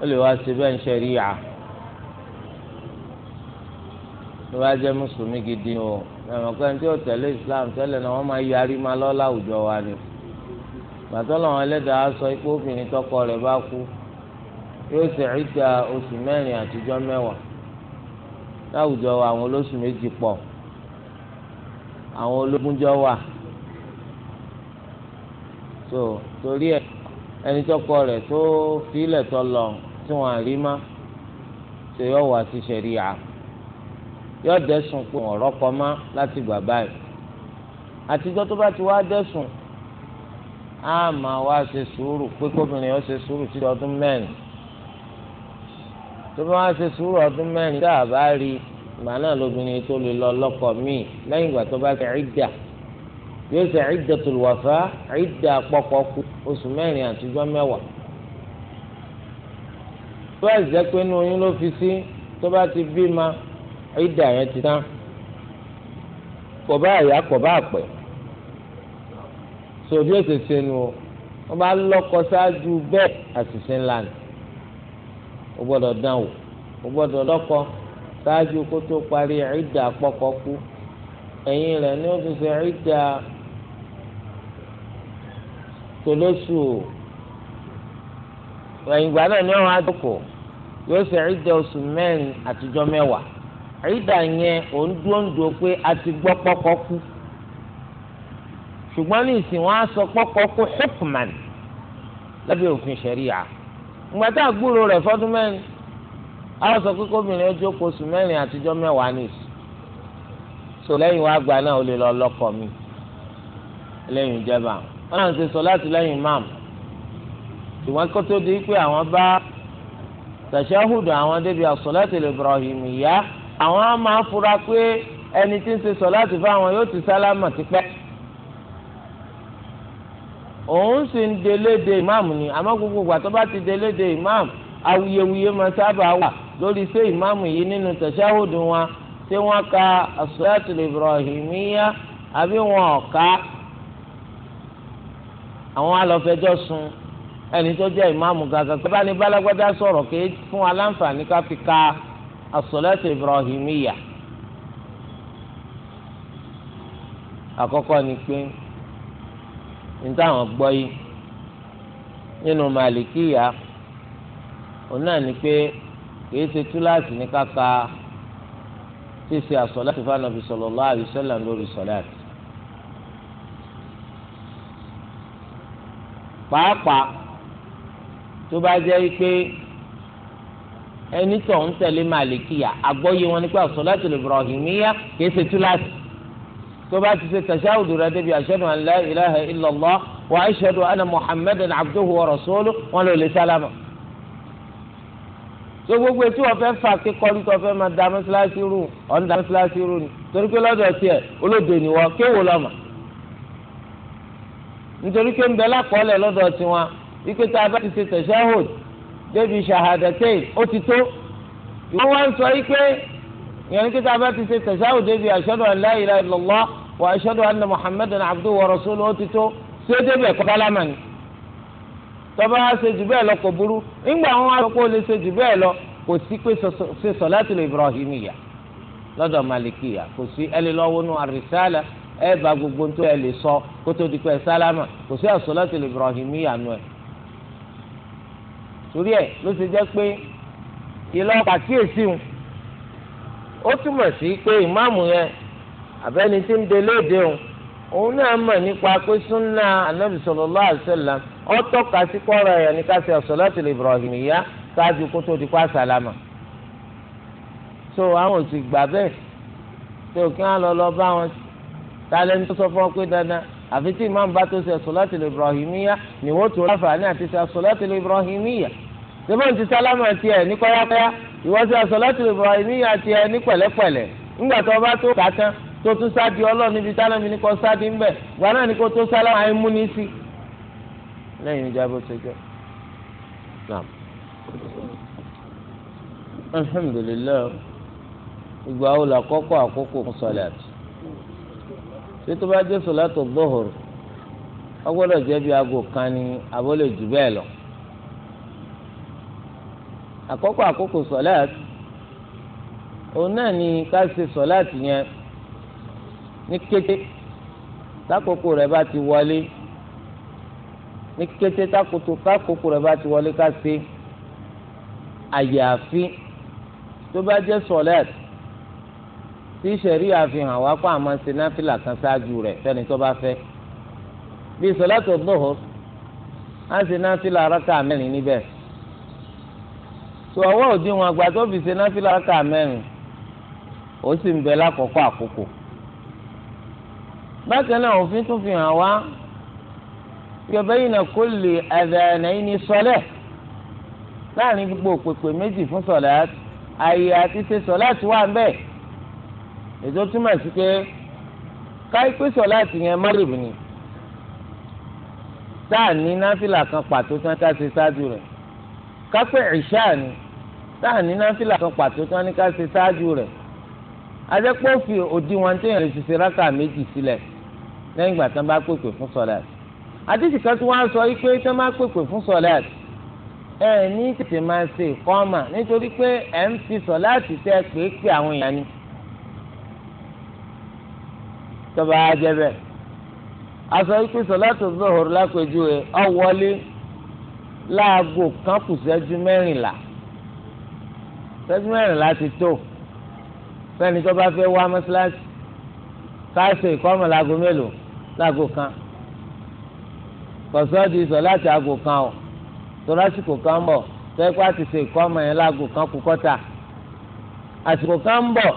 ó lè wá ṣe bẹ́ẹ̀ ń ṣe rí yà ló bá jẹ́ mùsùlùmí gidi o ẹ̀mọ̀kọ́ ẹni tí ó tẹ̀lé Islam tẹ́lẹ̀ náà wọ́n máa yarí máa lọ́ láwùjọ wa ni gbàtọ́ làwọn ẹlẹ́dàá sọ pé obìnrin tọkọ rẹ̀ bá kú yóò ṣe ìdá oṣù mẹ́rin àtijọ́ mẹ́wàá láwùjọ wa àwọn olóṣù méjì pọ̀ àwọn ológunjọ wà so torí ẹ ẹni tọkọ rẹ̀ tó filẹ̀ tọ lọ tí wọn àrí má ṣe yọ wá sí ṣẹríà yọ dẹ́sùn pé wọn rọkọ má láti gbà báyìí àtijọ́ tó bá ti wá dẹ́sùn á máa wá ṣe sùúrù pé kóbìnrin ó ṣe sùúrù títí ọdún mẹ́rin tó bá wá ṣe sùúrù ọdún mẹ́rin tá a bá rí ìgbà náà lóbìnrin tó lè lọ lọ́kọ míì lẹ́yìn ìgbà tó bá ṣe ìdà yóò ṣe iddatul wafa ìdà pọ̀pọ̀ oṣù mẹ́rin àtijọ́ mẹ́wàá tó bá jẹ́ pé inú oyún ló fi sí tó bá ti bímọ ìdà yẹn ti tán kò bá àyà kò bá àpẹ́ sòbí ètè sẹ́nu o wọ́n bá lọ́kọ ṣáájú bẹ́ẹ̀ àṣìṣe ńlá ni o gbọ́dọ̀ dán o o gbọ́dọ̀ lọ́kọ ṣáájú kó tó parí ìdá pọ́kọ kú ẹ̀yìn rẹ̀ ni ó ti ṣe ìdá tolóṣù o ẹ̀yìn ìgbà náà ni wọ́n á dọ́kọ̀ yóò ṣe ìdá oṣù mẹ́rin àtijọ́ mẹ́wàá ìdá yẹn òun pé a ti gbọ́ pọ́kọ kú ṣùgbọ́n ní ìsìn wọn á sọ pọ́kọ kú hukman lábẹ́ òfin ṣẹ̀ríyà ìgbà tá a gbúrò rẹ̀ fọ́dún mẹ́rin àwọn sọ pé kóbìnrin ó jókòó oṣù mẹ́rin àtijọ́ mẹ́wàá ní ìsù sọ lẹ́yìn wá gba náà ó lè lọ lọ́kọ mi lẹ́yìn ìjẹba wọn náà ń sọ láti lẹ́yìn máàmù ṣùgbọ́n kó di pé àwọn bá tàṣáhùdù àwọn débi àṣọláàtì Ibrahimiyya àwọn á máa fura pé ẹni tí ń ṣe sọ láti fún àwọn yóò ti sálámà tipẹ́. òun sì ń de imam ni àmọ́ gbogbo ìgbà tó bá ti deléde imam awuyewuye máa sábà wà lórí ṣé imam yìí nínú tẹ̀síáhùdù wọn ṣé wọn ka as-salatu ibrahimiya àbí wọn ka àwọn alọ́fẹjọ́ sun ẹni tó jẹ́ imam gàgà pé báni balagbada sọ̀rọ̀ kì fun fún wa láǹfààní ká fi ka as-salatu ibrahimiya ni pé. nítawọn gbọ́ yìí nínú màlìkíyà òun náà ni pé kìí ṣe túláàsì ní káka ṣíṣe àsọláàtì fáànàbì sallallahu alaihi wasallam lórí sọláàtì. pàápàá tó bá jẹ́ pé ẹni tó ń tẹ̀lé màlìkíyà àgbọ́yé wọn nípa àsọláàtì Ibrahimiyya kìí ṣe túláàsì tó bá ti ṣe tàṣáwùdù rẹ débi ashhadu an la ilaha illallah wa ashhadu anna muhammadan abduhu wa rasuluhu wọn lò lè sálámà. so gbogbo etí wọn fẹ́ fà kíkọ́ nítorí wọn fẹ́ máa da mọ́sálásí rú ọ̀n da mọ́sálásí rú ni torí pé lọ́dọ̀ tiẹ̀ olóde ni wọ́n kéwò lọ́mà. nítorí pé ń bẹ lákọọ́lẹ̀ lọ́dọ̀ tiwọn wípé tá a bá ti ṣe tàṣáwùdù débi ṣàhàdàtẹ́yì ó ti tó ìwọ́n wá ń sọ yí pé ìyẹn ní kí tá a bá ti ṣe tàṣáwùdù débi ashhadu an ilaha illallah wà ashhadu anna muhammadan abduhu wa rasuluhu ó ti tó ṣé débẹ̀ kọ́ sálámà ni tọ́ba wa ṣe jù bẹ́ẹ̀ lọ kò burú ńgbà wọn wá pé ó lè ṣe jù bẹ́ẹ̀ lọ kò sí pé ṣe sọ̀látùl ibrahimiyya lọ́dọ̀ malikiya kò sí ẹ lè lọ́wọ́ nù àrísàlà ẹ bá gbogbo tó ẹ lè sọ kó tó di pé sálámà kò sí sọ̀látùl ibrahimiyya nù ẹ. torí ẹ ló ṣe jẹ́ pé ìlọ pàkíyèsí ó túmọ̀ sí pé ìmáàmù yẹn àbẹ́ni tí ń deléde òun òun náà mọ̀ nípa pé súnà anabi sallallahu alaihi wasallam ó tọ́ka sí kọ́ra ẹ̀yà ní káṣí as-salatul ibrahimiyya ṣáájú kó tó di pa sàlámà. so àwọn ò sì gbà bẹ́ẹ̀ tó kí wọ́n lọ lọ bá wọn tálẹ́ ní tó sọ fún ọ pé dandan àfi tí ìmáàmù bá tó ṣe as-salatul ibrahimiyya ni wọ́n tó láǹfààní àti ṣe as-salatul ibrahimiyya sẹ́fọ̀n ti sálámà tiẹ̀ ní kọ́yákọ́yá ìwọ́sẹ̀ as-salatul ibrahimiyya tiẹ̀ ní pẹ̀lẹ́pẹ̀lẹ́ ńgbà tó tún sáàdì ọlọ́run níbi tá lẹ́mìí kọ́ sáàdì ń bẹ̀ ìgbà náà ni kó tó sálámà ẹ̀ mú ní sí. lẹ́yìn ìjà bó ṣe jẹ́ alhamdulilayi ìgbà wo la kọ́kọ́ àkókò ṣé tó bá ní kété tákòókò rẹ̀ bá ti wọlé ní kété tákòókò rẹ̀ bá ti wọlé ká ṣe àyàfi tó bá jẹ́ sọ̀lẹ́t tí sẹ̀rí àfihàn wá kó àmọ́ ṣe náfìlà kan ṣáájú rẹ̀ fẹ́ni tó bá fẹ́ bí sọ̀lẹ́t ọ̀dọ́hùn á ṣe náfìlà rákà mẹ́rin níbẹ̀ tó ọwọ́ òdiwọ̀n àgbà tó fi ṣe náfìlà rákà mẹ́rin ó sì ń bẹ lákòókò àkókò bákan náà òfin tún fi hàn wá bayna kulli adhanayni salah láàrin gbogbo òpèpè méjì fún sọlá àyè àti ṣe sọlá ti wà ńbẹ̀ ètò túmọ̀ sí pé káìpé sọlá ti yẹn mọ́rìbì ni táà ní náfìlà kan pàtó tán ká ṣe ṣáájú rẹ̀ kápẹ́ ìṣáà ni táà ní náfìlà kan pàtó tán ká ṣe ṣáájú rẹ̀ ajẹ́pọ̀ fi òdiwọ̀n téèyàn lè ṣiṣẹ́ rákà méjì sílẹ̀. Si lẹ́yìn ìgbà tí wọ́n bá pèpè fún sọ̀láàt àdìsí kan tí wọ́n á sọ yìí pé tí wọ́n bá pèpè fún sọ̀láàt ẹ ní tètè máa ṣe ìkọ́mà nítorí pé ẹ̀ ń fi sọ̀láàt tẹ́ pé pé àwọn èèyàn ni tọ́ba ajẹ́ bẹ́ẹ̀ a sọ yìí pé sọ̀láàt zuhur lápèjúwe ó wọlé láago kan kù ṣẹ́jú mẹ́rìnlá ṣẹ́jú mẹ́rìnlá ti tó fẹ́ni tó fẹ́ wá mọ́ṣáláṣí ká ṣe ìkọ́mà láago mélòó láago kan kọ̀sọ́ di sọ láti aago kan o tó lásìkò kan ń bọ̀ tẹ́kọ́ àti ṣe ìkọ́mọ yẹn láago kan kú kọ́ta àsìkò kan ń bọ̀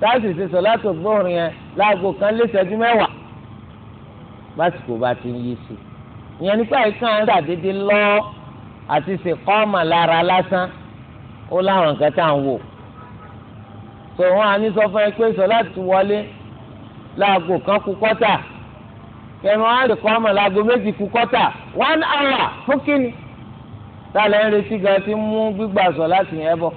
táàsì ṣe sọ láti ògbóhùn yẹn láago kan lé ṣẹ́jú mẹ́wàá básìkò bá ti ń yí sí ìyẹn nípa ìkan ń dàdédé lọ àti ṣe kọ́mọ lára lásán ó láwọn nǹkan tá à ń wò tó wọn sọ fún ẹ pé sọ láti wọlé láago kan kú kọ́ta kẹrin wọn á lè kọ́ ọmọ làgbo méjì kú kọ́tà one hour fún kínní tálẹ̀ ń retí gan ti mú gbígbà sọ láti yẹn bọ̀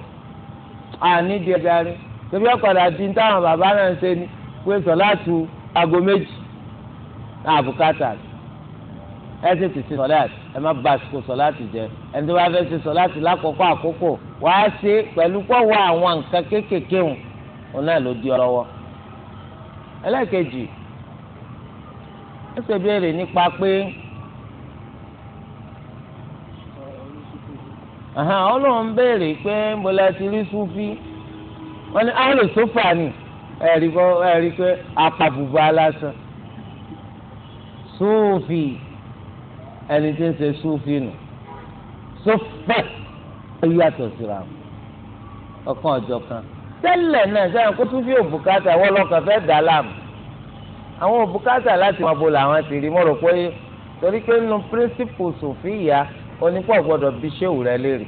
ànídìí ẹ̀dá rí tóbi ọ̀padà di táwọn bàbá náà ń ṣe ni pé sọ láti aago méjì náà bùkátà ẹ sì ti ṣe sọláàtì ẹ má ba àsìkò sọláàtì jẹ ẹni tó bá fẹ́ ṣe sọláàtì lákòókò àkókò wàá ṣe pẹ̀lú pọ̀wọ́ àwọn nǹkan kéékèèké hùn náà ló di ọ lọ́wọ́ ẹlẹ́ẹ̀kejì ó ṣe béèrè nípa pé ọlọ́run béèrè pé ń bọ́lá ti rí súfí wọ́n ní àlò sófà ni ẹ̀rí kọ́ ẹ̀rí pé apàbùbà lásán súfì ẹni tí ń ṣe súfì nù sófà ó yàtọ̀ síra ọ̀kan ọ̀jọ̀ kan tẹ́lẹ̀ náà sẹ́yìn kó tún fi òbúkátà wọ́n fẹ́ dà láàmú àwọn òbúkátà láti máa bo làwọn ti rí mo rò pé torí pé nínú píríncípù sòfíìyà onípọ̀ gbọ́dọ̀ bí ṣéwù rẹ léèrè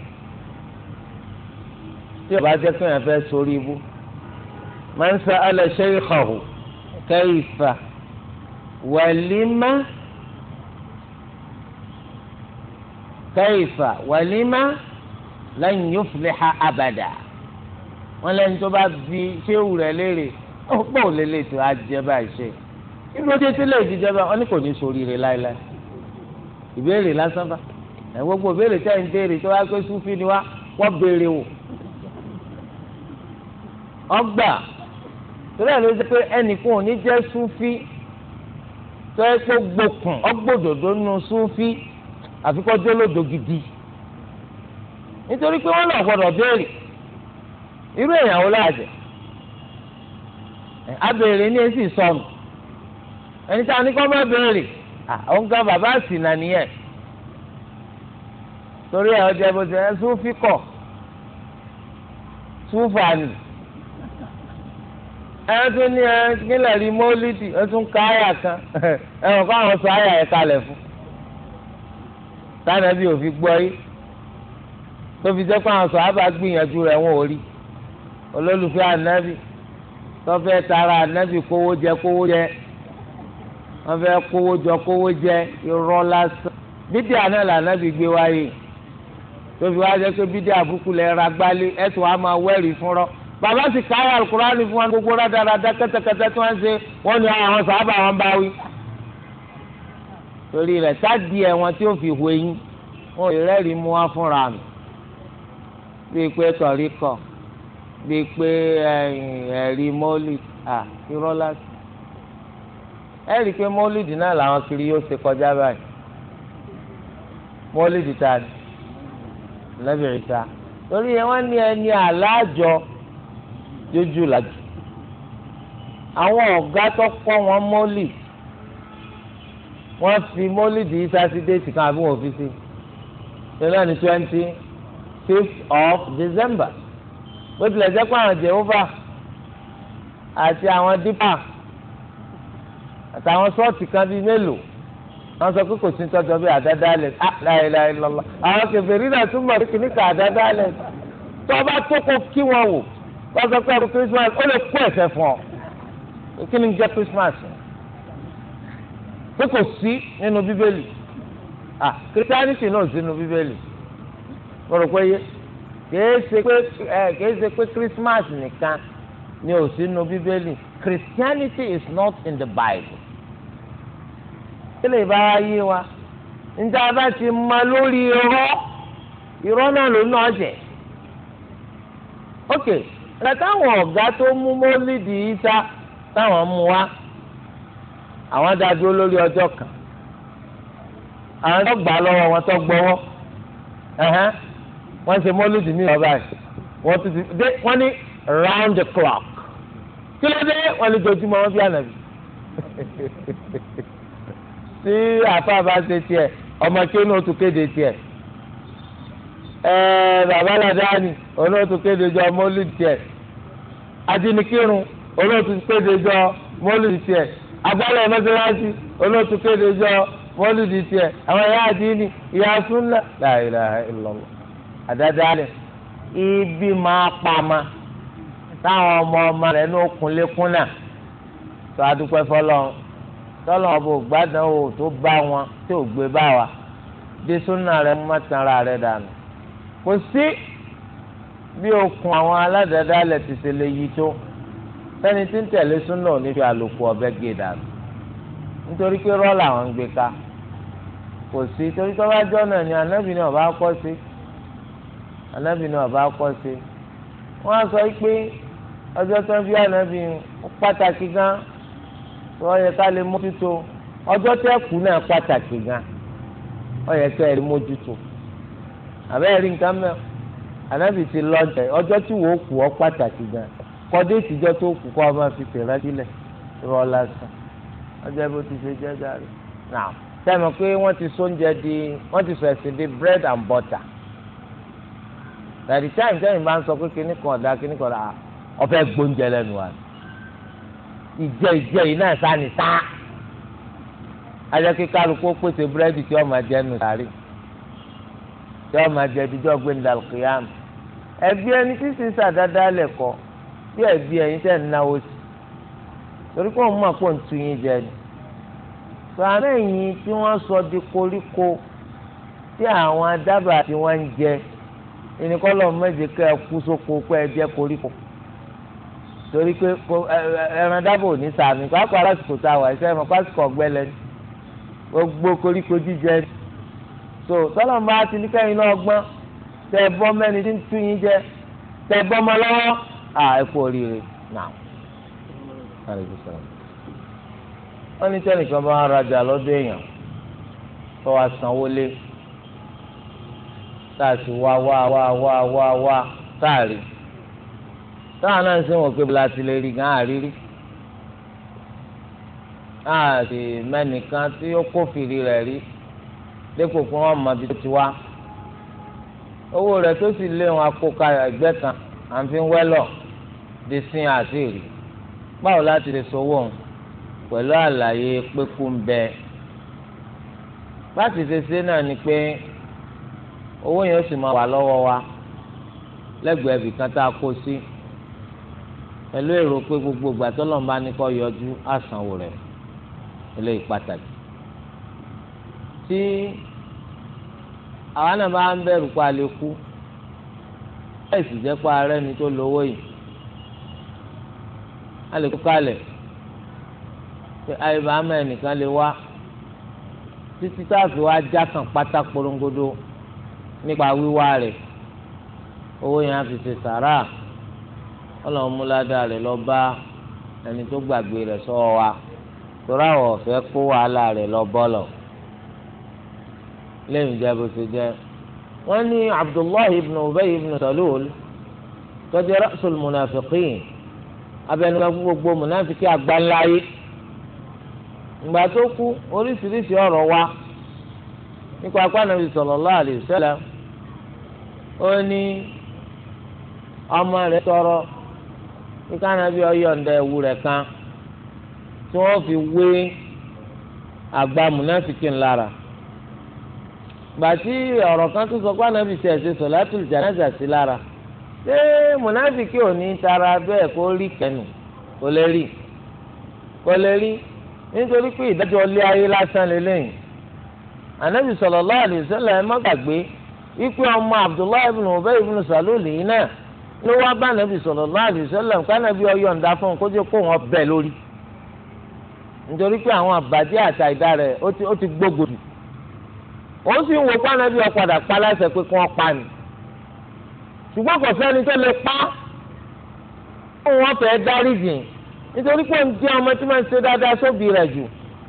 tí o bá jẹ́ pé èèyàn fẹ́ sórí ibú máa ń sa aláṣẹ́ ìkọ̀hù kẹ́yìfà wàlímà kẹ́yìfà wàlímà lẹ́yìn yóò fi ha abàdà wọ́n lẹ́ni tó bá bí ṣéwù rẹ léèrè ó pọ̀ lélẹ̀ tó á jẹ́ báyìí kí ló dé sílẹ̀ ìdíjọba wọn ní kò ní sóríire láéláé ìbéèrè lásán bá ẹ gbogbo béèrè ń béèrè pé ni wá wọ́n béèrè wò ọgbà torí ló ṣe pé ẹnìkan ò ní jẹ́ súfì ẹ kó ọgbòdòdó nù àfikọ́ gidi nítorí pé wọn lọ béèrè irú èèyàn abèrè ẹni tí a ní kọ́ má béèrè àwọn gan bàbá àsìnà nìyẹn torí ẹ̀ ọjà ìbò ṣe ẹ̀sùn fíkọ̀ túfàánì ẹ̀sùn ní ẹ̀ nílẹ̀ rí mọ́lídì ẹ̀sùn ká àyà kan *laughs* ẹ̀wọ̀n kọ́ àwọn sọ àyà yẹn kalẹ̀ fún tánàbí òfin gbọ́ yìí tó fi jẹ́ pé àwọn sọ àbá gbìyànjú rẹ̀ wọ́n ò olólùfẹ́ ànábì tó tara ànábì kówó jẹ kówó jẹ wọ́n fẹ́ kówó jọ kówó jẹ irọ́ lásán bídíà náà lànà bí gbé wáyé tóbi wá jẹ́ pé bídíà àbúkù lẹ́ ra gbálé ẹ̀tọ́ wa máa wẹ́rìí fúnrọ́ bàbá sì káyà alukurani fún wa gbogbo rádaràda kẹtẹkẹtẹ tí wọ́n ṣe wọ́n ní àwọn sábà wọn bá wí. torí rẹ̀ sáàdì ẹ̀wọ̀n tí ó fi hu eyín wọn ò rẹ́rìí mú wá fúnra mi bíi pé tọ̀rí kọ̀ bíi pé ẹ̀rí mọ́lì à irọ́ lásán ẹ rí i pé mọ́lìdì náà làwọn kiri yóò ṣe kọjá báyìí mọ́lìdì ta ni lẹ́bìrì ta torí ẹ wọ́n ní ẹni àlájọ jójú làjù àwọn ọ̀gá tó kọ́ wọn mọ́lìdì wọ́n fi mọ́lìdì sátidé tìkan àbí wọn fi sí ìlànà ní twenty fifth of December bó tilẹ̀ jẹ́ pé àwọn Jehovah àti àwọn Deeper àtàwọn sọ́ọ̀tì kan bíi mélòó wọ́n sọ pé kò sí tọ́jọ́ bí àdádálẹ̀ láìláì ah, lọ́lá àwọn kẹfẹ́rí náà túmọ̀ sí kìnnìkan àdádálẹ̀ tó bá tó kó kí wọn wò wọ́n sọ pé ọdún Christmas ó lè kó ẹ̀fẹ̀ fún ọ kí ni jẹ́ Christmas pé kò sí nínú bíbélì ah Christianity náà sí nínú bíbélì mo rò pé yé kìí ṣe pé kìí ṣe pé Christmas nìkan ni ò sí nínú bíbélì Christianity is not in the Bible tí lè bá yé wa níta bá ti mọ lórí irọ́ irọ́ náà ló náà jẹ́ ok ẹ táwọn ọ̀gá tó mú mọ́lídì ìta táwọn mú wa àwọn dá lórí ọjọ́ kan àwọn tó gbà lọ́wọ́ wọn tó gbọ́wọ́ wọ́n ṣe mọ́lídì ní ìjọba yìí wọ́n ti dé wọ́n ní round the clock kí ló dé wọ́n lè jojúmọ́ wọn bí ànàbì *laughs* tí àáfàá bá ṣe tiẹ̀ ọmọ kí ní o tún kéde tiẹ̀ ẹ̀ẹ́ bàbá làdáni òun náà tún kéde jọ mọ́lúdì tiẹ̀ ajínikírun òun náà tún kéde jọ mọ́lúdì tiẹ̀ agbálẹ̀ mọ́sálásí òun náà tún kéde jọ mọ́lúdì tiẹ̀ àwọn ìyá àdínì ìyá súnlẹ̀ la ilaha illallah àdádáni ibi máa pa ma táwọn ọmọ ọmọ rẹ̀ ní okùnlékún náà tó adúpẹ́ fọlọ́run tọ́lọ̀ ọba ògbádàn o tó bá wọn tí ò gbé bá wa bí súnà rẹ mọ́tara rẹ dànù kò sí bí okùn àwọn aládàádáalẹ̀ ti ṣe lè yí tó sẹ́ni tí ń tẹ̀lé súnà ò ní fi àlòkù ọ̀bẹ gé dànù nítorí pé rọ́ọ̀lù àwọn ń gbé ká kò sí torí tó náà ni anábì ni ọba kọ́ sí anábì ni ọba kọ́ sí wọ́n á sọ pé ọjọ́ tó bí anábì pàtàkì gan-an ó yẹ ká lè mójútó ọjọ́ tẹ́ kú náà pàtàkì gan ó ká lè mójútó àbẹ́ rí nǹkan mẹ́ ànábì ti lọ́jọ́ ọjọ́ tí wò ó kú ọ pàtàkì gan kọ́dé ìtìjọ́ tó kù kọ́ ọ fi tẹ̀rẹ́ sílẹ̀ rọ lásán ọjọ́ bó ti ṣe jẹ́ gàrí náà sẹ́mi pé wọ́n ti sóúnjẹ di wọ́n ti sọ di bread and butter by the time sẹ́yìn bá ń sọ pé kíní kan ọ̀dà kíní kan ọ̀dà ọ̀fẹ́ gbóúnjẹ lẹ́nu wa ni ìjẹ ìjẹ yìí náà sá ni sá ajá kí kálukú pèsè búrẹ́dì tí wọ́n máa jẹ nù sáré tí wọ́n máa jẹ dídọ́ gbẹ̀ndà kìyàm ẹbí ẹni tí sì sàdáadá lẹ̀kọ́ bí ẹbí ẹyin tẹ̀ ń náwó sí torí pé òun mọ̀ pé òun yín jẹ ni sàárẹ̀ yìí tí wọ́n sọ di koríko tí àwọn adábàá tí wọ́n ń jẹ ìníkọ́lọ́ méje kẹ́ ẹ kú sóko kó ẹ jẹ koríko torí pé ẹran dábò ní sàmì pàápàá lásìkò tá a wà ẹsẹ ẹran pásìkò ọgbẹlẹ ni gbogbo koríko jíjẹ ni so tọ́lọ̀ máa ti ní kẹ́yìn náà gbọ́n tẹ ẹ bọ́ mẹ́ni tí ń tú yín jẹ tẹ ẹ bọ́ ọmọ lọ́wọ́ à ẹ kú oríire náà. wọ́n ní tẹ́nìkan bá ń rajà lọ́dọ̀ èèyàn tó wàá sanwó lé tá a sì wá wá wá wá wá wá táàrí táwọn náà ń sìn wọ́n pé bọ́lá ti lè rí gan àrírí àti mẹ́nìkan tí ó kófìrí rẹ̀ rí dépò fún wọn mọ ibi tó ti wá owó rẹ̀ tó sì lé wọn akóka ẹgbẹ́ kan à ń fi wẹ́lọ̀ di sin àti rí báwo láti lè sọ wọ́n pẹ̀lú àlàyé pẹ́kú ń bẹ láti ṣe ṣe náà ni pé owó yẹn ó sì máa wà lọ́wọ́ wa lẹ́gbẹ̀ẹ́ ibìkan tá a kó sí. Si pẹ̀lú èrò pé gbogbo ìgbà tó lọ́nba ní kọ́ yọjú àsanwó rẹ̀ eléyìí pàtàkì. tí àwa náà bá ń bẹ̀rù pa lè kú bẹ́ẹ̀ sì jẹ́ pa ara ẹni tó lówó yìí a lè kú kalẹ̀ pé àyèbá àmọ́ ẹnìkan lè wá títí tá a fi wá já kan pátá porongodo nípa wíwá rẹ̀ owó yẹn á fi ṣe sàráà. ọlọ́run múládà rẹ̀ lọ bá ẹni tó gbàgbé rẹ̀ sọ́wọ́ wa torí àwọn ọ̀fẹ́ kó wàhálà lọ bọlọ lẹ́yìn jẹ́ bó ṣe jẹ́ wọn ní abdullahi ibn ubay ibn salul tọ́jú rasul munafiqin abẹnugan gbogbo munafiki agbanláyé ìgbà tó kú oríṣiríṣi ọrọ wa nípa ó ní ọmọ tọrọ. nígbà náà bí ọyọ̀ǹda ewu kan tí wọ́n fi wé agba múnáfíkì ńlára gbàtí ọrọ kan tó sọ pé ànábì ṣe ẹ̀ṣẹ̀ sọ̀látùl jánásà sí lára ṣé múnáfíkì ò ní tara bẹ́ẹ̀ kó rí kẹ́nu kò lè rí kò lè rí nítorí pé ìdájọ́ ilé ayé lásán lélẹ́yìn ànábì sallallahu ọmọ Abdullahi ló wá bá nàbì sallallahu alaihi wasallam kánàbì ọyọ̀ǹda fún un kó jẹ́ kó wọn bẹ̀ lórí nítorí pé àwọn àbàjẹ́ àti àìdá rẹ̀ ó ti gbógo jù ó sì ń wo kánàbì ọ̀padà pa láṣẹ pé kí wọ́n pa ni ṣùgbọ́n kò sẹ́ni tó lè pa wọn fẹ́ dárí jìn nítorí pé ń jẹ́ ọmọ tí máa ń ṣe dáadáa sóbì rẹ̀ jù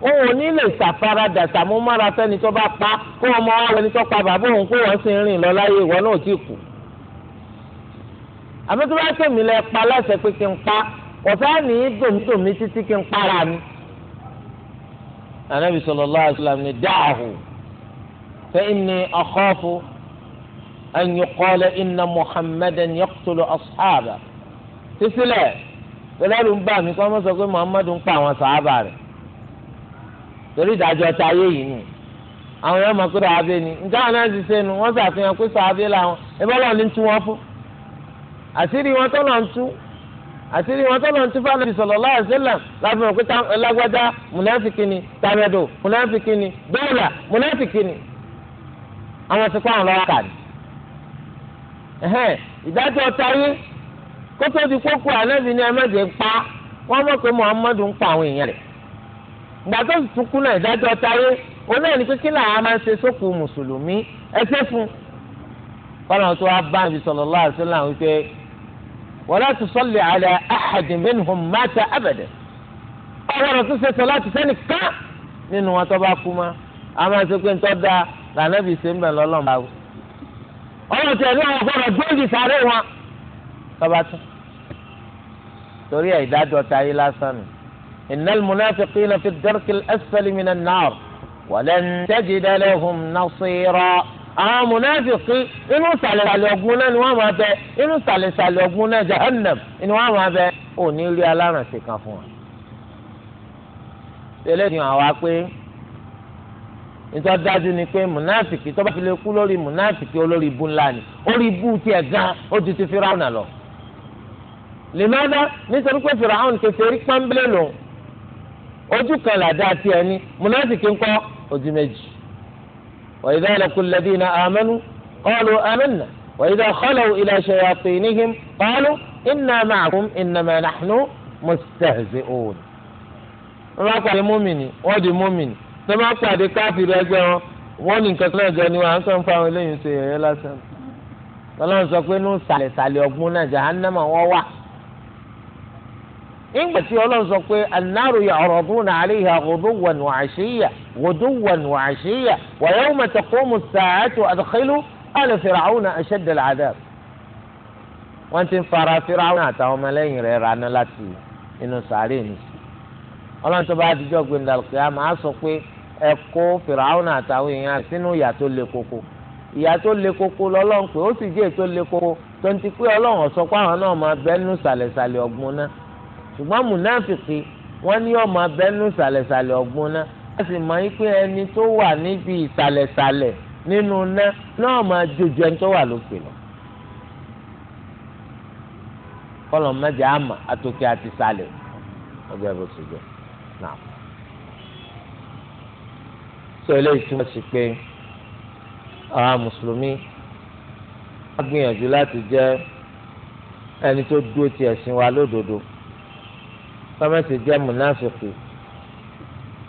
òun ò ní lè ṣàfaradà ṣàmúmára fẹ́ni tó bá pa kó ọmọ wa wẹni tó pa bàbá òun kó wọ́n sì ń rìn lọ láyé ìwọ náà ò tí kù àmọ́ tó bá tèmi lẹ pa láṣẹ pé kí n pa ọ̀sá ní tòmítòmí títí kí n para mi. anabi sallallahu alaihi wasallam ni da'ahu fa inni akhafu an yuqala inna muhammadan yaqtulu ashaba sísílẹ̀ pẹ̀lú ń bà mí kọ́ mọ́ pé muhammadu ń pa àwọn sàábà rẹ̀ torí ìdájọ́ ta ayé yìí nù àwọn yẹn mọ̀ pé sàábé ni nǹkan àná ti sẹ́nu wọ́n ṣàfihàn pé sàábé làwọn ẹ̀bọ́n lọ́ọ̀ ní tí wọ́n fún àṣírí wọn tọ́lọ̀ ń tú àṣírí wọn tọ́lọ̀ ń tú fún anabi sallallahu alaihi wasallam láti mọ̀ pé lágbájá mùnáfíkì ni tàmẹ́dò mùnáfíkì ni bẹ́ẹ̀là mùnáfíkì ni àwọn ti kọ́ àwọn lọ́wọ́ kàdí. ìdájọ́ táyé kó tó di kókó anabi ni ẹ̀mẹ́jẹ̀ pa wọ́n mọ̀ pé muhammadu ń pa àwọn èèyàn rẹ̀ ìgbà tó tún kú náà ìdájọ́ táyé òun náà ní pé kí làwọn máa ń ṣe sókù mùsùlùmí ẹ ṣe fún un. kọ́nà tó wá bá àbí sallallahu alaihi wasallam wípé wala tusalli ala ahad minhum mata abada ọlọ́run tó ṣe sọlá ti sẹ́ni ká nínú wọn tó bá kú mọ́ a máa ṣe pé ń tọ́ da lànàbì ṣe ń bẹ̀ lọ́lọ́run bá wù ọlọ́run tẹ̀ ní àwọn ọgbọ́dọ̀ gbóòdì sáré wọn tọ́ba tán torí ẹ̀ ìdájọ́ ta yé lásán nù innal munafiqina fi ad-darki al-asfali mina an-nar wa lan tajida lahum nasira àwọn mùnáfìkì inú sàlẹ̀sàlẹ̀ ọ̀gbun náà ni wọ́n máa bẹ inú sàlẹ̀sàlẹ̀ ọ̀gbun náà jahannam ni wọ́n máa bẹ ò ní rí alárànṣe kan fún wa. tẹ́lẹ̀ ni àwa pé nítorí dájú ni pé mùnáfìkì tó bá fi lè kú lórí mùnáfìkì olórí ibu ńlá ni orí ibu tiẹ̀ gan ó ti ti Fíráúnà lọ. lèmọ́dá nítorí pé Fíráúnà kékeré pọ́nbélé lòun ojú kan làdá tiẹ̀ ni mùnáfìkì ńkọ́ ojú méjì وإذا لقوا الذين آمنوا قالوا آمنا وإذا خلوا إلى شياطينهم قالوا إنا معكم إنما نحن مستهزئون wọ́n bá pàdé mọ́mìnì wọ́n di mọ́mìnì tó bá pàdé káfíìrì ẹgbẹ́ wọn wọ́n ní nǹkan tó náà jọ ni wọ́n à ń sọ fún àwọn eléyìí ṣe yẹ̀yẹ́ lásán. ọlọ́run sọ pé nù sàlẹ̀sàlẹ̀ ọ̀gbun náà jahannama wọ́n wà nígbà tí ọlọ́run sọ pé anáàrò yà ọ̀rọ̀ ọdún náà àlẹ́ ìhà ọdún wà nù àṣeyà ọdún wà nù àṣeyà wàyà ọmọ tẹkọọ mu sàátù àdàkẹ́lù àlẹ́ fìràwọn àṣẹdẹ̀lẹ̀ àdàb. wọ́n ti ń fara fìràwọn àtàwọn ọmọlẹ́yìn rẹ̀ raná láti inú sàárè ni. ọlọ́run tó bá dijọ́ gbẹ̀ndàlùkẹ́ a máa sọ pé ẹ fìràwọn àtàwọn èèyàn sínú ìyà tó le koko ìyà tó le koko ṣùgbọ́n mùnáfìkì wọ́n ní ọmọ abẹ́nú ìsàlẹ̀sàlẹ̀ ọ̀gbun náà wọ́n sì mọ̀ pé ẹni tó wà níbi ìsàlẹ̀sàlẹ̀ nínú iná náà máa jojú ẹni tó wà lókè lọ. kọ́lọ̀ mẹ́jẹ àmà àtòkè àti sàlẹ̀ ọjọ́ ìbò ṣojú náà. sọ eléyìí tí wọ́n ṣe pé àwọn mùsùlùmí wọ́n gbìyànjú láti jẹ́ ẹni tó dúró ti ẹ̀sìn wa lódodo. kọ́mẹ́sì jẹ́ mùnáfìkì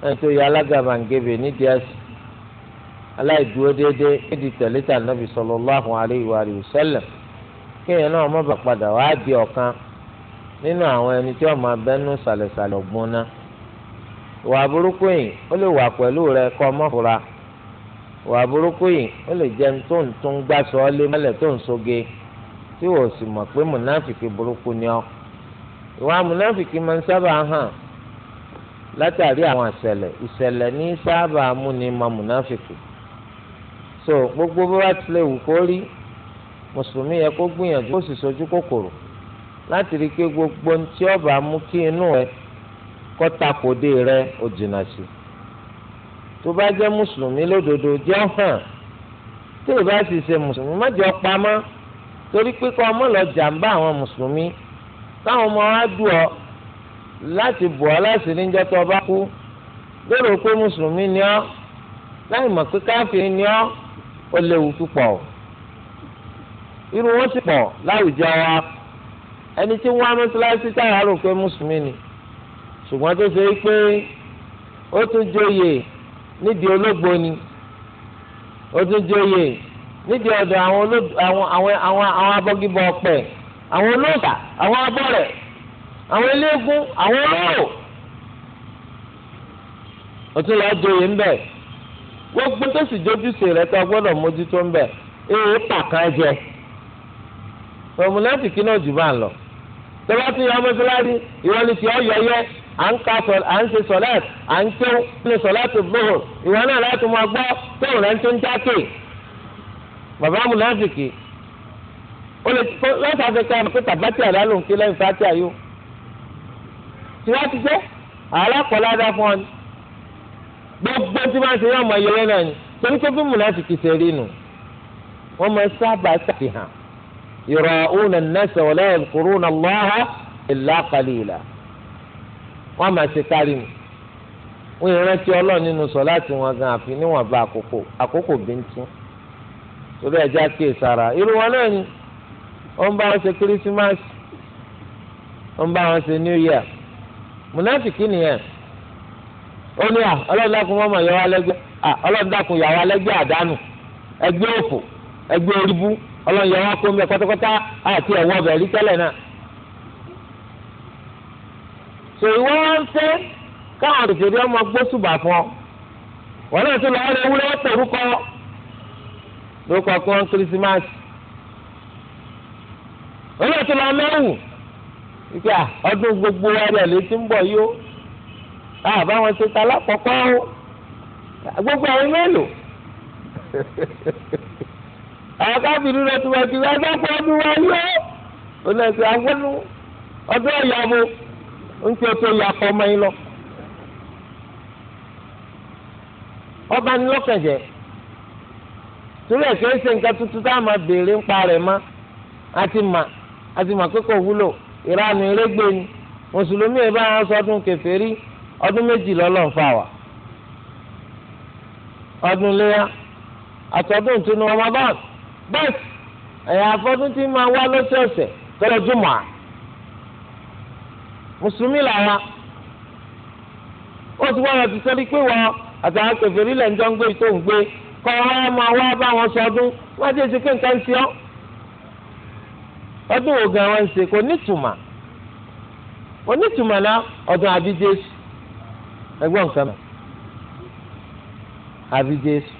ẹni tó yẹ alágàbàǹgebè nídìí ẹ̀sìn aláìdúró déédéé nídìí tẹ̀lẹ́tà nàbì sallallahu alaihi wa sallam kéèyàn náà má bà padà di ọ̀kan nínú àwọn ẹni tí wọ́n máa bẹ́nu sàlẹ̀sàlẹ̀ ọ̀gbun náà ìwà burúkú yìí ó lè wà pẹ̀lú rẹ kọ́ mọ́fura ìwà burúkú yìí ó lè jẹun tó ń gbà lé tó ń soge tí wò sì mọ̀ ìwà amúnáfìkì máa ń sábà hàn látàrí àwọn àṣẹlẹ̀ ìṣẹ̀lẹ̀ ní sábà múni ma múnáfìkì so gbogbo bó bá tilẹ̀ wù kó rí mùsùlùmí yẹ kó gbìyànjú kó sì sojú kòkòrò láti rí i pé gbogbo ohun tí ọba mú kí inú rẹ kọ́ takòdé rẹ ò jìnnà sí tó bá jẹ́ mùsùlùmí lódodo jẹ́ hàn tí ò sì ṣe mùsùlùmí má jẹ́ ọ pamọ́ torí pé kọ́ ọmọ lọ jàǹbá àwọn mùsùlùmí táwọn ọmọ wa dù ọ láti bọ̀ ọ láti níjọ́ tó bá kú lérò pé mùsùlùmí ni ọ́ láì mọ̀ pé káfíń ni ọ́ ó léwu púpọ̀ irú wọn sì pọ̀ láwùjọ wa ẹni tí wọ́n á mọ́sálásí táwọn arò pé mùsùlùmí ni ṣùgbọ́n tó ṣe é pé ó tún jóye nídìí ológbò ni ó tún jóye nídìí ọ̀dọ̀ àwọn abọ́gibọ̀ ọ̀pẹ̀ àwọn olóòtà àwọn abọ́rẹ̀ àwọn eléégún àwọn olóró òtún lọ́ọ́ joyè ń gbogbo tó sì jójúṣe rẹ̀ tó gbọ́dọ̀ mójútó ń bẹ̀ jẹ tọmùlẹ́sì kí jù bá ń lọ tọ́lá tí yọ ìwọ ni yẹ à ń ka sọ à ń à ń tó ní o lè tó lọ́sọ̀ afẹ́kẹ́ àmọ́ pé tàbátì àdá ló ń ké lẹ́yìn fàtì àyò tí wọ́n ti jẹ́ alákọ̀ọ́ládá fún ọ ni gbogbo tí wọ́n ti rí ọmọ yẹlẹ́ náà ni torí pé bí mùnàfíkì ṣe rí nu wọ́n máa sábà ṣàfihàn ìrọ̀ òun nẹ́sẹ̀ wọlé ìkúrú náà lọ́hà ìlà kàlíìlà wọ́n máa ṣe kárí mi wọ́n ìrántí ọlọ́run nínú sọ láti wọn gan àfi níwọ̀nba àkókò àkókò bíntín torí ẹ̀já kíyèsára irú wọn náà ni. ó ń bá wọn ṣe kírísímásì ó bá wọn ṣe new year mùnáfìkì nìyẹn ó ní à ọlọ́run dákun wọn mọ̀ yọ wá lẹ́gbẹ́ à ọlọ́run dákun yà wá lẹ́gbẹ́ àdánù ẹgbẹ́ òfò ẹgbẹ́ oríbú ọlọ́run yà wá kó mi pátápátá àti ẹ̀wọ́ ọbẹ̀ rí tẹ́lẹ̀ náà. sọ ìwọ wọn káwọn òṣèré ọmọ fún ọ wọn náà tún ọlọ́run tó lọ mẹ́wù ìgbà ọdún gbogbo wa rẹ̀ létí ń bọ̀ yó àbá wọn ṣe o gbogbo àwọn mélòó àwọn kábìrì rẹ̀ tó wà ti wá dápọ̀ ọdún wa yó olóòtú agbọ́nú ọdún ọ̀yàwó ń tí o tó yà kọ́ ọmọ yín lọ. ọba torí àti màkókò wúlò ìranu erégbè ni mùsùlùmí ẹ bá wọn sọdún kèfèrí ọdún méjì lọlọ fà wá ọdún léyà àtọdún ìtúnu Ramadan bẹ́ẹ̀ ẹ̀yà àfọdún tí máa wá lọ́sọ̀ọ̀sẹ̀ tọ́lọ́ jùmọ̀ à mùsùlùmí làwọn ó ti ti pé àtàwọn ń gbé tó ń gbé wá bá wọn sọdún á ọdún wo gan wọn ṣe kò nítumà onítùmọ̀ náà ọdún abidjesu ẹgbọ́n nǹkan mọ̀ abidjesu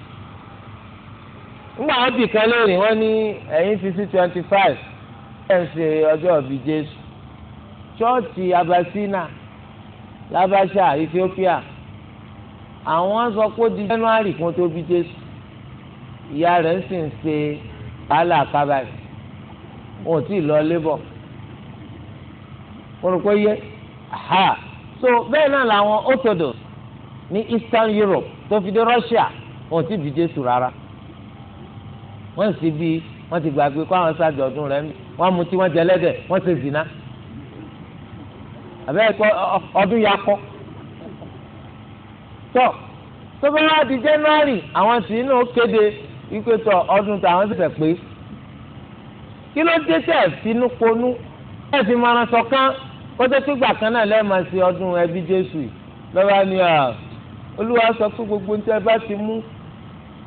ńgbà wọn bì kan lórí wọn ní ẹ̀yìn fifty twenty five ẹ̀ ń ṣe ọjọ́ abidjesu chọ́ọ̀tì abasina labasha Ethiopia àwọn sọ pé di January kún tó bí Jésù ìyá rẹ̀ ń sì ń ṣe wàhálà kábàárì wọn ò tí ì lọ lébọ̀ wọn rò pé yẹ ha so bẹ́ẹ̀ náà làwọn orthodox ní Eastern Europe tó fi dé Russia wọn ò tí ì bí Jésù rárá wọ́n sì bí wọ́n ti gbàgbé kó àwọn ṣàjọ̀dún rẹ̀ wọ́n mutí wọ́n jẹlẹ́dẹ̀ wọ́n ṣe zina àbẹ́ẹ̀kọ́ ọdún ya kọ́ tọ́ tó bá wá di January àwọn sì inú kéde ikú tọ ọdún tó àwọn sì fẹ́ pé kí ló dé tẹ́ ẹ̀ finú ponú ẹ̀ fi máa ran sọ̀kan kọjá tó gbà kan náà lẹ́ẹ̀ máa ṣe ọdún ẹbí jésù lọ́wọ́ ni olúwa sọ pé gbogbo ní tẹ́ bá ti mú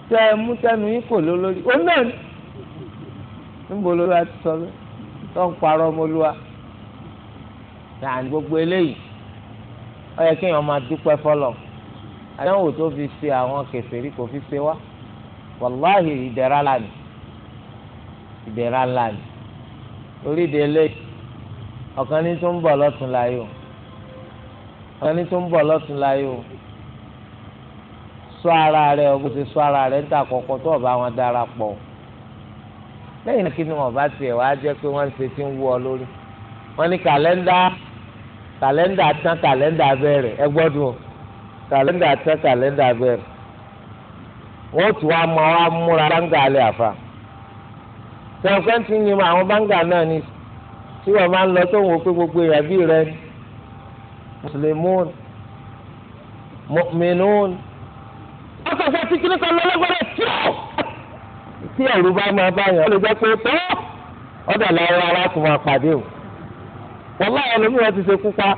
tẹ́ ẹ mú tẹnu yín kò ló lórí òun náà níbo lóla ti sọ bẹ́ẹ̀ tó ń parọ́ ọmọlúwa láàrin gbogbo eléyìí ó yẹ kéèyàn máa dúpẹ́ fọlọ́ àdéhùn tó fi ṣe àwọn kèfèrí kò fi ṣe wá wàláhì ìdẹ̀ra lánìí ìdẹ̀ra ńlá oríde eléyìí ọ̀kan ní tó ń bọ̀ lọ́tún láyé o ọ̀kan ní tó ń bọ̀ lọ́tún láyé o sọ ara rẹ o bó ti sọ ara rẹ ń ta kọ̀ọ̀kan tó ọ̀bá wọn dára pọ̀ lẹ́yìn náà kí ni wọ́n bá tiẹ̀ wá jẹ́ pé wọ́n ń ṣe tí ń wú ọ lórí wọ́n ní kàlẹ́ndà kàlẹ́ndà tán kàlẹ́ndà bẹ̀rẹ̀ ẹ gbọ́dọ̀ kàlẹ́ndà tán kàlẹ́ndà bẹ̀rẹ̀ wọ́n tún wá mọ́ wá múra láǹgà alẹ́ àfa sẹ́wọ̀n kẹ́ntì ni àwọn báńgà náà ni tí wọ́n máa ń lọ tó wọn pé gbogbo ìyàbí rẹ mùsùlùmún mọ́mìnún. wọ́n sọ fún kíkiri kan lọ́lọ́gbọ́dọ̀ tí ó tí ẹ̀rù bá máa bá yàn lè jẹ́ pé tó ọ̀dà làwọn ará tó máa pàdé o. wọ́n láwọn ẹlòmíràn ti ṣe kú pa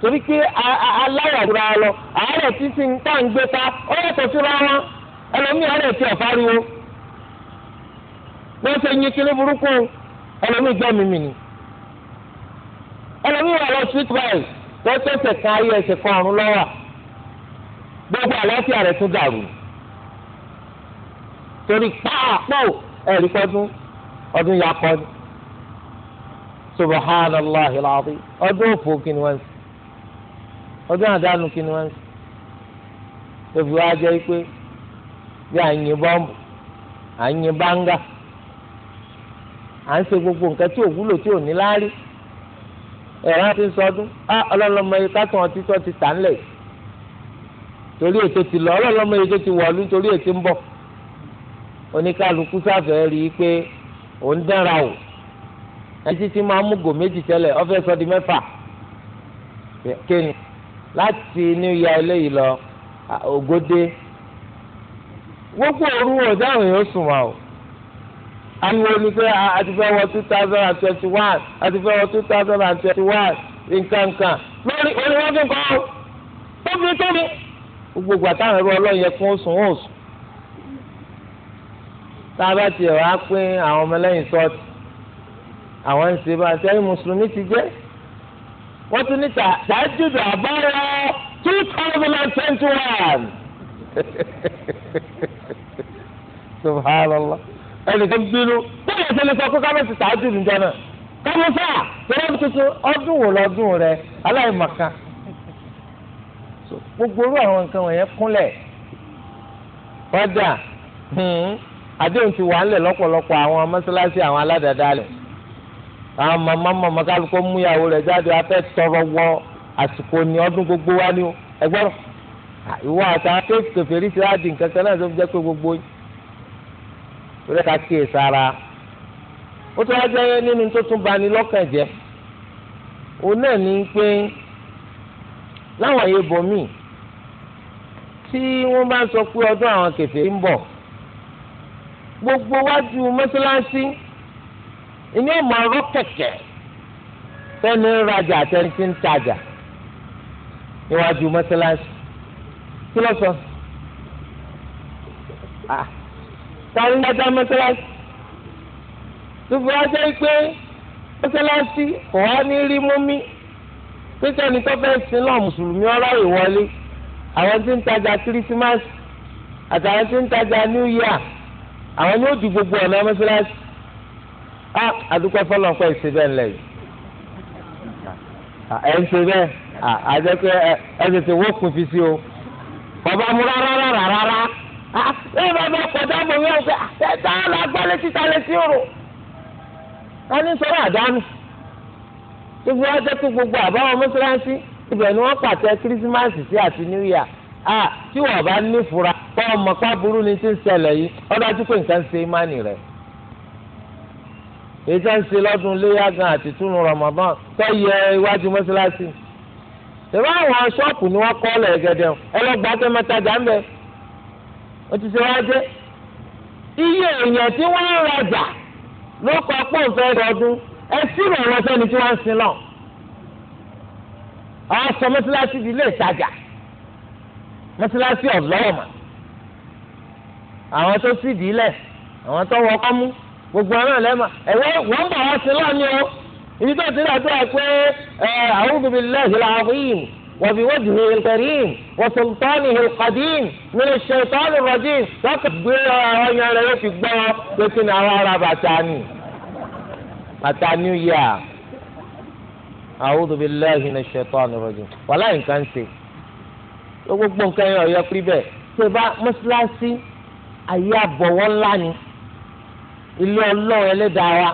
torí pé aláwọ̀ ìdúrà lọ àárẹ̀ títí ń tà ó yàtọ̀ síra wọn ẹlòmíràn rẹ̀ ti ọ̀fáriwo. wọ́n ṣe yin kiri burúkú ẹlòmíì jẹ́ ni wà lọ street by wọ́n tẹ̀sẹ̀ kan ayé ẹsẹ̀ kan ọ̀run lọ́wọ́ gbogbo àlàáfíà rẹ̀ tún dàrú torí pàápọ̀ ẹ̀rí kọ́dún ọdún yà kọ́ ni ọdún òfò ọdún àdánù pé bí bọ́ǹbù à ń ṣe gbogbo nǹkan tí ò wúlò tí ò ní láárí ẹ̀rọ ti ń sọdún á ọlọ́lọ́mọ yìí kátó ọtí tó ti tà ńlẹ̀ torí ètò ti lọ ọlọ́lọ́mọ yìí tó ti wọ̀lú torí ètò ń bọ̀ oníkálukú sáfẹ́ rí i pé òun dára o ẹni títí máa mú gò méjì tẹ́lẹ̀ ọfẹ́ sọ di mẹ́fà kéènì láti new year eléyìí lọ ògòdè gbogbo òru ọ̀dáhùn yóò sùn wà o ariwo ni pé a ti fẹ́ wọ two thousand and twenty one a ti fẹ́ wọ two thousand and twenty one nkankan lórí oníwájú kan tóbi tóbi gbogbo àtàwọn ẹrú ọlọ́run yẹ fún oṣù oṣù tá a bá tiẹ̀ wá pín àwọn ọmọlẹ́yìn sọ́ọ̀tì àwọn ń ṣe bá a ṣe ẹ̀yìn mùsùlùmí ti jẹ́ wọ́n tún ní tàájúdù àbáwọ̀ two thousand and twenty one *laughs* subhanallah ẹnìkan bínú bóyá ìṣẹ̀lẹ̀ sọ pé kámẹ́sì sàájú nìjọ náà kámẹ́sà tẹ́lẹ̀ tuntun ọdún wò lọ́dún rẹ aláìmọ̀kan gbogbo orú àwọn nǹkan wọ̀nyẹn kúnlẹ̀ kọjá hmm, àdéhùn ti wà ńlẹ̀ lọ́pọ̀lọpọ̀ àwọn mọ́sálásí àwọn aládàádáálẹ̀ àwọn màmá màmá kálukọ́ múyàwó rẹ̀ jáde afẹ́ tọrọ wọ àsìkò ní ọdún gbogbo wa ni ẹgbẹ́rún ìwọ àtàwọn kéèké fèrèsé àdì nǹkan kan náà tó fi jẹ́ pé gbogbo yìí torí ká kíyè sára ó tún wá jẹ́ nínú tó tún bani lọ́kàn jẹ́ òun náà ní pé láwọn yebo míì tí wọ́n bá sọ pé ọdún àwọn kẹfẹ́ ń bọ̀ gbogbo wájú mọ́sálásí ìní ọmọ ọ̀rọ̀ kẹ̀kẹ́ tẹ́ni ń rajà tẹ́ni ti ń tajà níwájú mọ́sálásí kí ló sọ. Ah, parí ládá mọ́sálásí tubu ajá pé mọ́sálásí kò wá ní rí mú mi pété ní tọ́fẹ́ sí náà mùsùlùmí ọ̀rọ̀ ìwọlé àwọn tí ń tajà kírísímásì àtàwọn tí ń tajà new year àwọn ni ó di gbogbo ọ̀nà mọ́sálásí á àdúgbò fọlọ́pọ̀ ìṣe bẹ́ẹ̀ ńlẹ̀ yìí ẹ̀ ń ṣe bẹ́ẹ̀ àjẹpẹ́ ẹ̀ ẹ̀ tètè wọ́pọ̀ fi sí o kọ́ bá mú rárá rárá rárá ẹ bá bá kọjá mọ wọn fẹ ẹ tá a lọ agbálẹ títa lẹ sí òrò wọn ní sọ̀rọ̀ àdánù gbogbo wa jẹ pé gbogbo àbáwọn mọ́sálásí ibẹ̀ ni wọ́n pàtẹ kírísímàsì sí àti new year ah tí wọ́n bá nífura kọ́ ọmọ pábúrú ni ti ń ṣẹlẹ̀ yìí ó dájú pé nǹkan ṣe ìmánì rẹ̀ èyí tí wọ́n ń ṣe lọ́dún léyà gan àti túnú ramadan tó yẹ iwájú mọ́sálásí ìwé àwọn ṣọ́ọ̀pù ni wọ́n kọ́ lẹ̀ gẹ́gẹ́ ọlọ́gbà tẹ́mẹ́tajà ń bẹ́ẹ̀. ó ti ṣe iye èèyàn tí wọ́n ń rajà ló ẹ ọ̀rọ̀ tí wọ́n ń sin lọ. àwọn sọ mọ́sálásí di ilé ìtajà mọ́sálásí àwọn tó sì di ilẹ̀ àwọn tó mú gbogbo ọ̀rọ̀ lẹ́mà ẹ̀wọ́ wọ́n bọ̀ o ibi tó ti rà tó pé àwọn òbí mi وبوجهه الكريم وسلطانه القديم من الشيطان الرجيم وقد gbéra àwọn yàrá yóò fi gbọ́ pé kí ni àwọn ará bàtà ni bàtà new year a'udhu billahi minash shaitani rajim wàhálà nǹkan ṣe gbogbo nǹkan yẹn ọ̀yọ́ pé bẹ́ẹ̀ ṣe bá mọ́ṣáláṣí ayé àbọ̀wọ́ ńlá ni ilé ọlọ́run ẹlẹ́dàá wa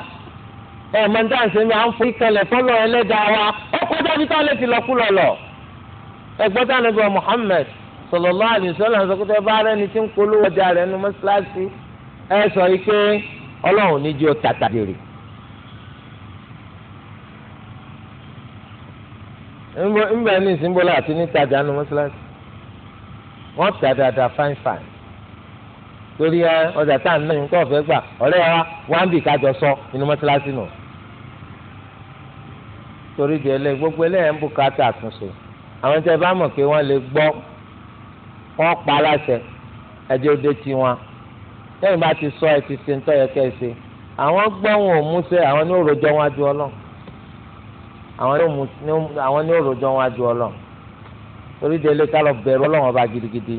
ẹ̀ mọ̀ ní táwọn ṣe ń bá ń fún ìkẹlẹ̀ fọlọ́run ẹlẹ́dàá wa ó kọjá bí táwọn lè ti lọ́kú lọ́lọ́. ẹgbọ́n tí anabi Muhammad sallallahu alaihi wasallam sọ pé tẹ bá tí ń ọjà rẹ nu mọ́ṣáláṣí ẹ sọ yìí pé ọlọ́run ní jẹ́ tata dèrè. nbẹ ní ìsínbọlá àti nítajà nu mọ́ṣáláṣí wọ́n tà dáadáa fain fáin torí ẹ ọjà tá à ń náyìn kọ́ ọ̀fẹ́ gbà ọ̀rẹ́ wá bì di gbogbo ẹlẹ́yìn ń bùkátà àtúnṣe. àwọn tẹ bá mọ̀ pé wọ́n lè gbọ́ wọ́n pa aláṣẹ ẹjẹ́ òde tí wọn lẹ́yìn bá ti sọ ẹ ti ṣe ń tọ́ yẹ kẹ́ ẹ ṣe àwọn gbọ́ wọn ò múṣẹ́ àwọn ní òròjọ́ wọn ju ọlọ́run àwọn ní òròjọ́ wọn ju ọlọ́run torí délé ká lọ bẹ̀rù ọlọ́run ọba gidigidi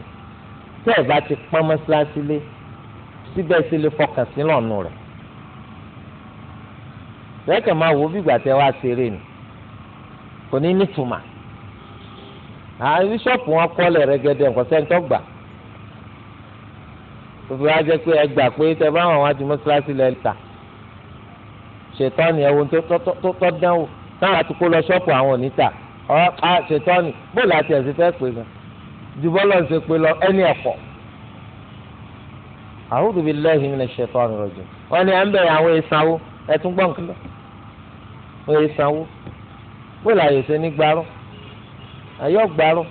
tẹ́ ẹ̀ bá ti pọ́n mọ́ṣáláṣí lé síbẹ̀ sí lè fọkàn sí lọ́nù rẹ̀ bẹ́ẹ̀ máa wò bí ìgbà tẹ́ wá ṣeré ni kò ní nítumọ̀ àwọn bíṣọ̀pù wọn kọ́lẹ̀ rẹ́gẹ́dẹ́ nǹkan sẹ́ńtọ́ gbà fífi wá jẹ́ pé ẹ gbà pé tẹ bá wọn wá ju mọ́ṣáláṣí lẹ́ ta ṣètọ́ni ẹ̀wọ̀n tó tọ́ dánwò táwọn àti kó lọ ṣọ́ọ̀pù àwọn òní ta ọ ṣètọ́ni bóòlù àti ẹ̀sìn fẹ́ pè gan ju bọ́lọ̀ ń ṣe pé lọ ẹni ẹ̀kọ́ a'udhu billahi minash shaitani rajim wọ́n ní à ń bẹ̀rẹ̀ àwọn ìsanwó ẹ̀tún gbọ̀ǹkìlọ̀ wọ́n ìsanwó bóòlù àyè ṣe ní gbárùn-ún àyọ̀ gbárùn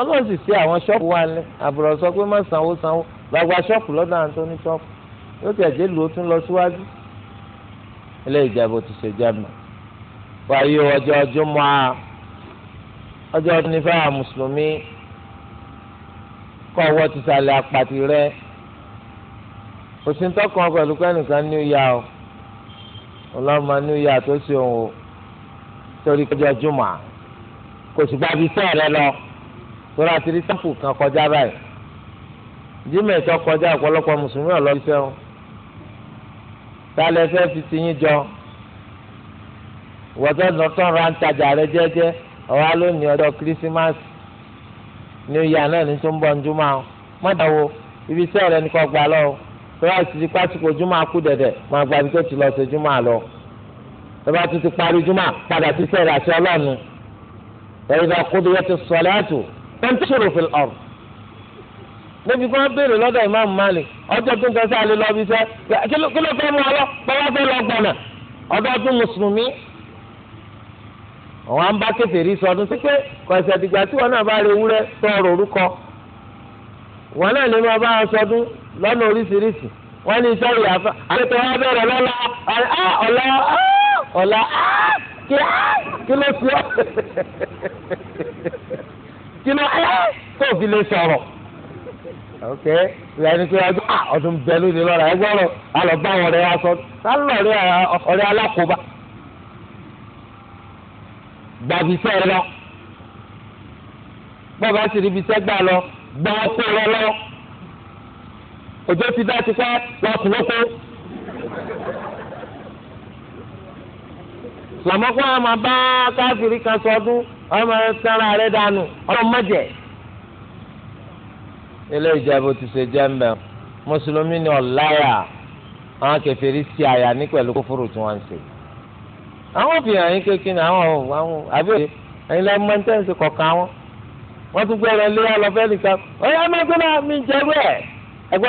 ọlọ́run sì ṣe àwọn ṣọ́ọ̀bù wa lẹ àbúrò sọ pé má sanwó sanwó gbàgbà ṣọ́ọ̀bù lọ́dọ̀ àwọn tó ní ṣọ́ọ̀bù yóò tẹ̀ dé lò ó tún lọ síwájú ilé ìjẹ́bù ti ṣe jẹ́mi wáyé ọjọ́ júmọ́ a ọjọ́ ọdún ní fáwọn mùsùlùmí kọ́ ọwọ́ ti sàlẹ̀ àpàtì rẹ òsíntọ́ kan pẹ̀lú pẹ́ẹ́nìkan new year o ọlọ́mọ new year tó ṣe òun o torí kọjá júmọ́ a kò sì gba abisẹ́ rẹ lọ tóra ti rí sáfù kan kọjá báyìí jimmy tó kọjá ọ̀pọ̀lọpọ̀ mùsùlùmí ọ̀lọ́bíṣẹ́ o tálẹ̀ fẹ́ fi tiyín jọ wọ́tọ́ tán ra ń tajà rẹ jẹ́jẹ́ ọ̀rọ̀ lónìí ọjọ́ kírísímásì new year náà ní tó ń bọ̀ njúmọ́ o mọ́tàwó ibi iṣẹ́ rẹ ní kò gbà lọ o tóra ti di pásítọ̀ júmọ́ akú dẹ̀dẹ̀ máa gba ibi tó ti lọ sí júmọ́ àlọ́ tó bá tún ti parí júmọ́ padà sí sẹ́ẹ̀rẹ̀ àti ọlọ́run فإذا قضيت الصلاة فانتشروا في الأرض níbi kan béèrè lọ́dọ̀ إمام Malik ọjọ́ tó ń الله àlè كل bí sẹ́ kí ló fẹ́ mú ọlọ́ bọ́lá fẹ́ lọ gbọ̀nà ọdọ́ tún mùsùlùmí. àwọn àǹbá kẹfẹ́rì sọdún sí pé kọ̀ọ̀sẹ̀ dìgbà tí wọn náà bá rí ewúrẹ́ tọrọ orúkọ wọn náà lè máa bá wọn sọdún lọ́nà oríṣiríṣi wọn ní sọ́ọ̀rì àfa àti tọ́wọ́ bẹ̀rẹ̀ lọ́la ọ̀la ọ̀la kí kí ló sọ kí ló ẹ tó fi lè sọ̀rọ̀ ok lẹni tí wọn gbọ́ ọdún bẹ́ẹ̀ lónìí lọrọ ẹ gbọrọ alọ wọn rẹ wá sálọ rẹ ọ̀rẹ́ alákòóbá gbàbí lọ bàbá sì ríbi gbà lọ gbà ọkọ rẹ lọ òjò ti dá ti pẹ́ lọkùnlọkọ lọ́mọ́kọ́ àwọn máa bá káfíìrì kan sọdún ọmọ sára rẹ dànù ọlọ́mọdé. ilé ìjẹ́bù ti ṣe jẹ́ mbẹ́ mùsùlùmí ni ọ̀láyà àwọn kẹfìrí sí àyà ní pẹ̀lú kófòrò tí wọ́n ń ṣe. àwọn òfin àyín kékin ni àwọn àwọn àbẹ̀rẹ̀ ẹ̀yin lẹ́yìn máa kọ̀ọ̀kan wọn. wọ́n tún gbẹ́rẹ̀ lé ọlọ́fẹ́ nìkan ọ̀yà máa gbé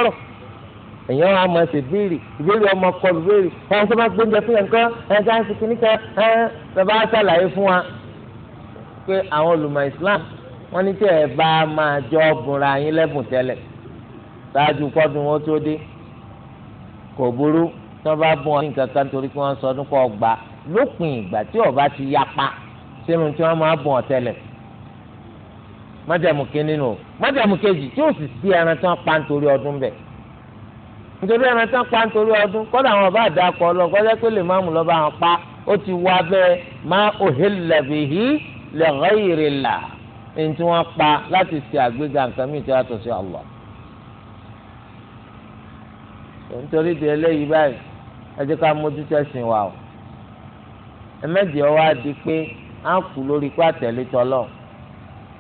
èèyàn wa máa ṣe béèrè ìbéèrè ọmọ kọ béèrè ẹni tó bá gbóúnjẹ fún yẹn nǹkan ẹni tó bá ṣe kìnnìkà ẹn bàbá ṣàlàyé fún wa pé àwọn olùmọ̀ Islam wọ́n ní tí ẹ bá máa jọ bùnra yín lẹ́bùn tẹ́lẹ̀ ṣáájú kọ́dún wọn tó dé kò burú tí wọ́n bá bùn ọ ní nǹkan kan torí kí wọ́n sọdún kọ́ gbà lópin ìgbà tí ọba ti yapa sínú tí wọ́n máa bùn ọ tẹ́lẹ̀ májàmú kínní kejì tí ó sì sí ẹran tí wọ́n pa nítorí ọdún bẹ́ẹ̀ nítorí ẹran tán pa nítorí ọdún kọ́dà àwọn ọba àdàpọ̀ lọ kọ́dà pé lè máàmù lọ́ba àwọn pa ó ti wá bẹ́ẹ̀ máa uhilla bihi li tí wọ́n pa láti ṣe àgbéga nǹkan mìíràn tó yàtọ̀ sí Allah. nítorí di eléyìí báyìí ẹ jẹ́ ká mójútó ẹ̀sìn wa o ẹ̀mẹ́jì ọwọ́ á di pé á kú lórí pé àtẹ̀lé tọ́lọ̀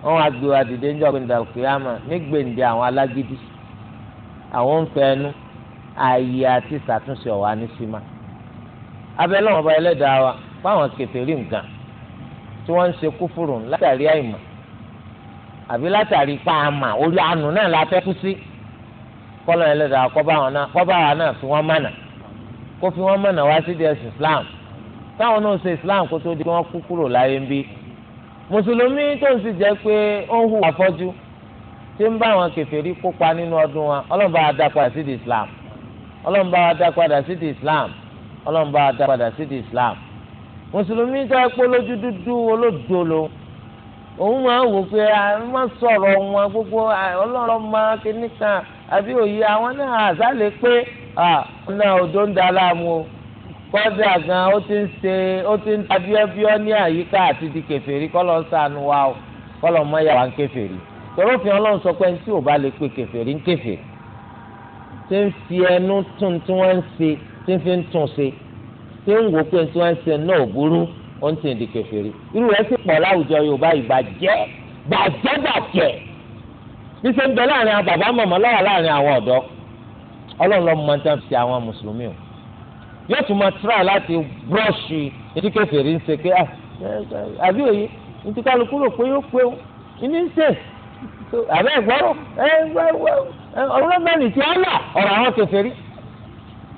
wọn wá gbé wa dìde ńjọ́ gbẹ̀ndàkúyàmà ní gbèǹde àwọn alágídí àwọn ń fẹ́ ẹnu ààyè àti ṣàtúnṣe ọ̀wá ní sima abẹ́lẹ́ ọba ẹlẹ́dàá wa fáwọn kèfèrí nǹkan tí wọ́n ń ṣe kúfùrù látàrí àìmọ̀ àbí látàrí pààmà orí àánú náà la fẹ́ kú sí kọ́lọ́ ẹlẹ́dàá kọ́bá wa náà fi wọ́n mànà kó fi wọ́n mànà wá sí dẹ́sì Islam táwọn náà ṣe Islam kó tó di wọ́n kú kúrò láyé ń bí mùsùlùmí tó ń sì jẹ́ pé ó ń hùwà fọ́jú tí ń bá àwọn kèfèrí kópa nínú ọdún wa ọlọ́ba àdàpọ̀ àti Islam ọlọ́run bá wa dá padà sí ti islam ọlọ́run bá wa dá padà sí ti islam mùsùlùmí tó ẹ pé lójú dúdú olódo ló òun máa wò pé a máa sọ̀rọ̀ wọn gbogbo ọlọ́rọ̀ máa kíní kan àbí òye àwọn náà àzálẹ̀ pé àwọn náà òjò ń da láàmú o kọ́dà gan ó ti ń ṣe ó ti ń ta bíọ́bíọ́ ní àyíká àti di kẹfẹ́rí kọ́lọ́ ń sànù wa o kọ́lọ́ mọ́ yàrá ń kẹfẹ́rí tọ́lọ́fin ọlọ́run sọ pé ẹni tí ò bá lè pe kẹfẹ́rí ń kẹfẹ́rí tí ń fi ẹnu tún tí wọ́n ń ṣe tí ń fi ń tún ṣe tí ń wò pé tí wọ́n ń ṣe náà burú ó ń tìǹdì kẹfẹ́rẹ́ irú rẹ̀ sì pọ̀ láwùjọ Yorùbá ìbàjẹ́ bàjẹ́ bàjẹ́ bí ṣe ń bẹ láàrin àwọn bàbá màmá lọ́wọ́ láàrin àwọn ọ̀dọ́ ọlọ́run lọ́mọ máa ń tẹ́ fi àwọn mùsùlùmí o yóò tún máa tíra láti búrọ́ọ̀ṣì etí kẹfẹ́rẹ́ ń ṣe pé ah, àbí òye ní ti kálukú rò pé yóò pé o ìní ń ṣe àbẹ́ ìgbọ́rọ̀ ọ̀rọ̀ mẹ́rin ti ọ̀là ọ̀rọ̀ àwọn kèfèrí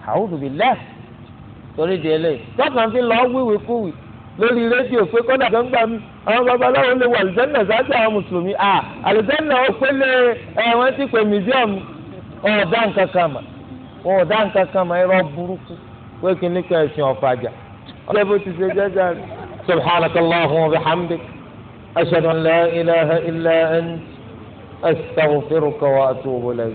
àwùjọ bíi lẹ́ẹ̀ torí di eléyìí tọ́kàn fi lọ́ọ́ wíwèé kúwì lórí rédíò pé kọ́dà tó ń gbà mí àwọn babaláwo lè wọ àlùjánnà sáájú àwọn mùsùlùmí à àlùjánnà ó pélé ẹ̀wọ̀n ti pè museum ọ̀dà nǹkan kan mà ọ̀dà nǹkan kan mà irọ́ burúkú pé kí ni ká ẹ̀sìn ọ̀fàjà ọ̀lẹ́ bó ti ṣe jẹ́jà rẹ̀ subhanakallahumma wa bihamdik ashhadu an la ilaha illa anta. أستغفرك وأتوب إليك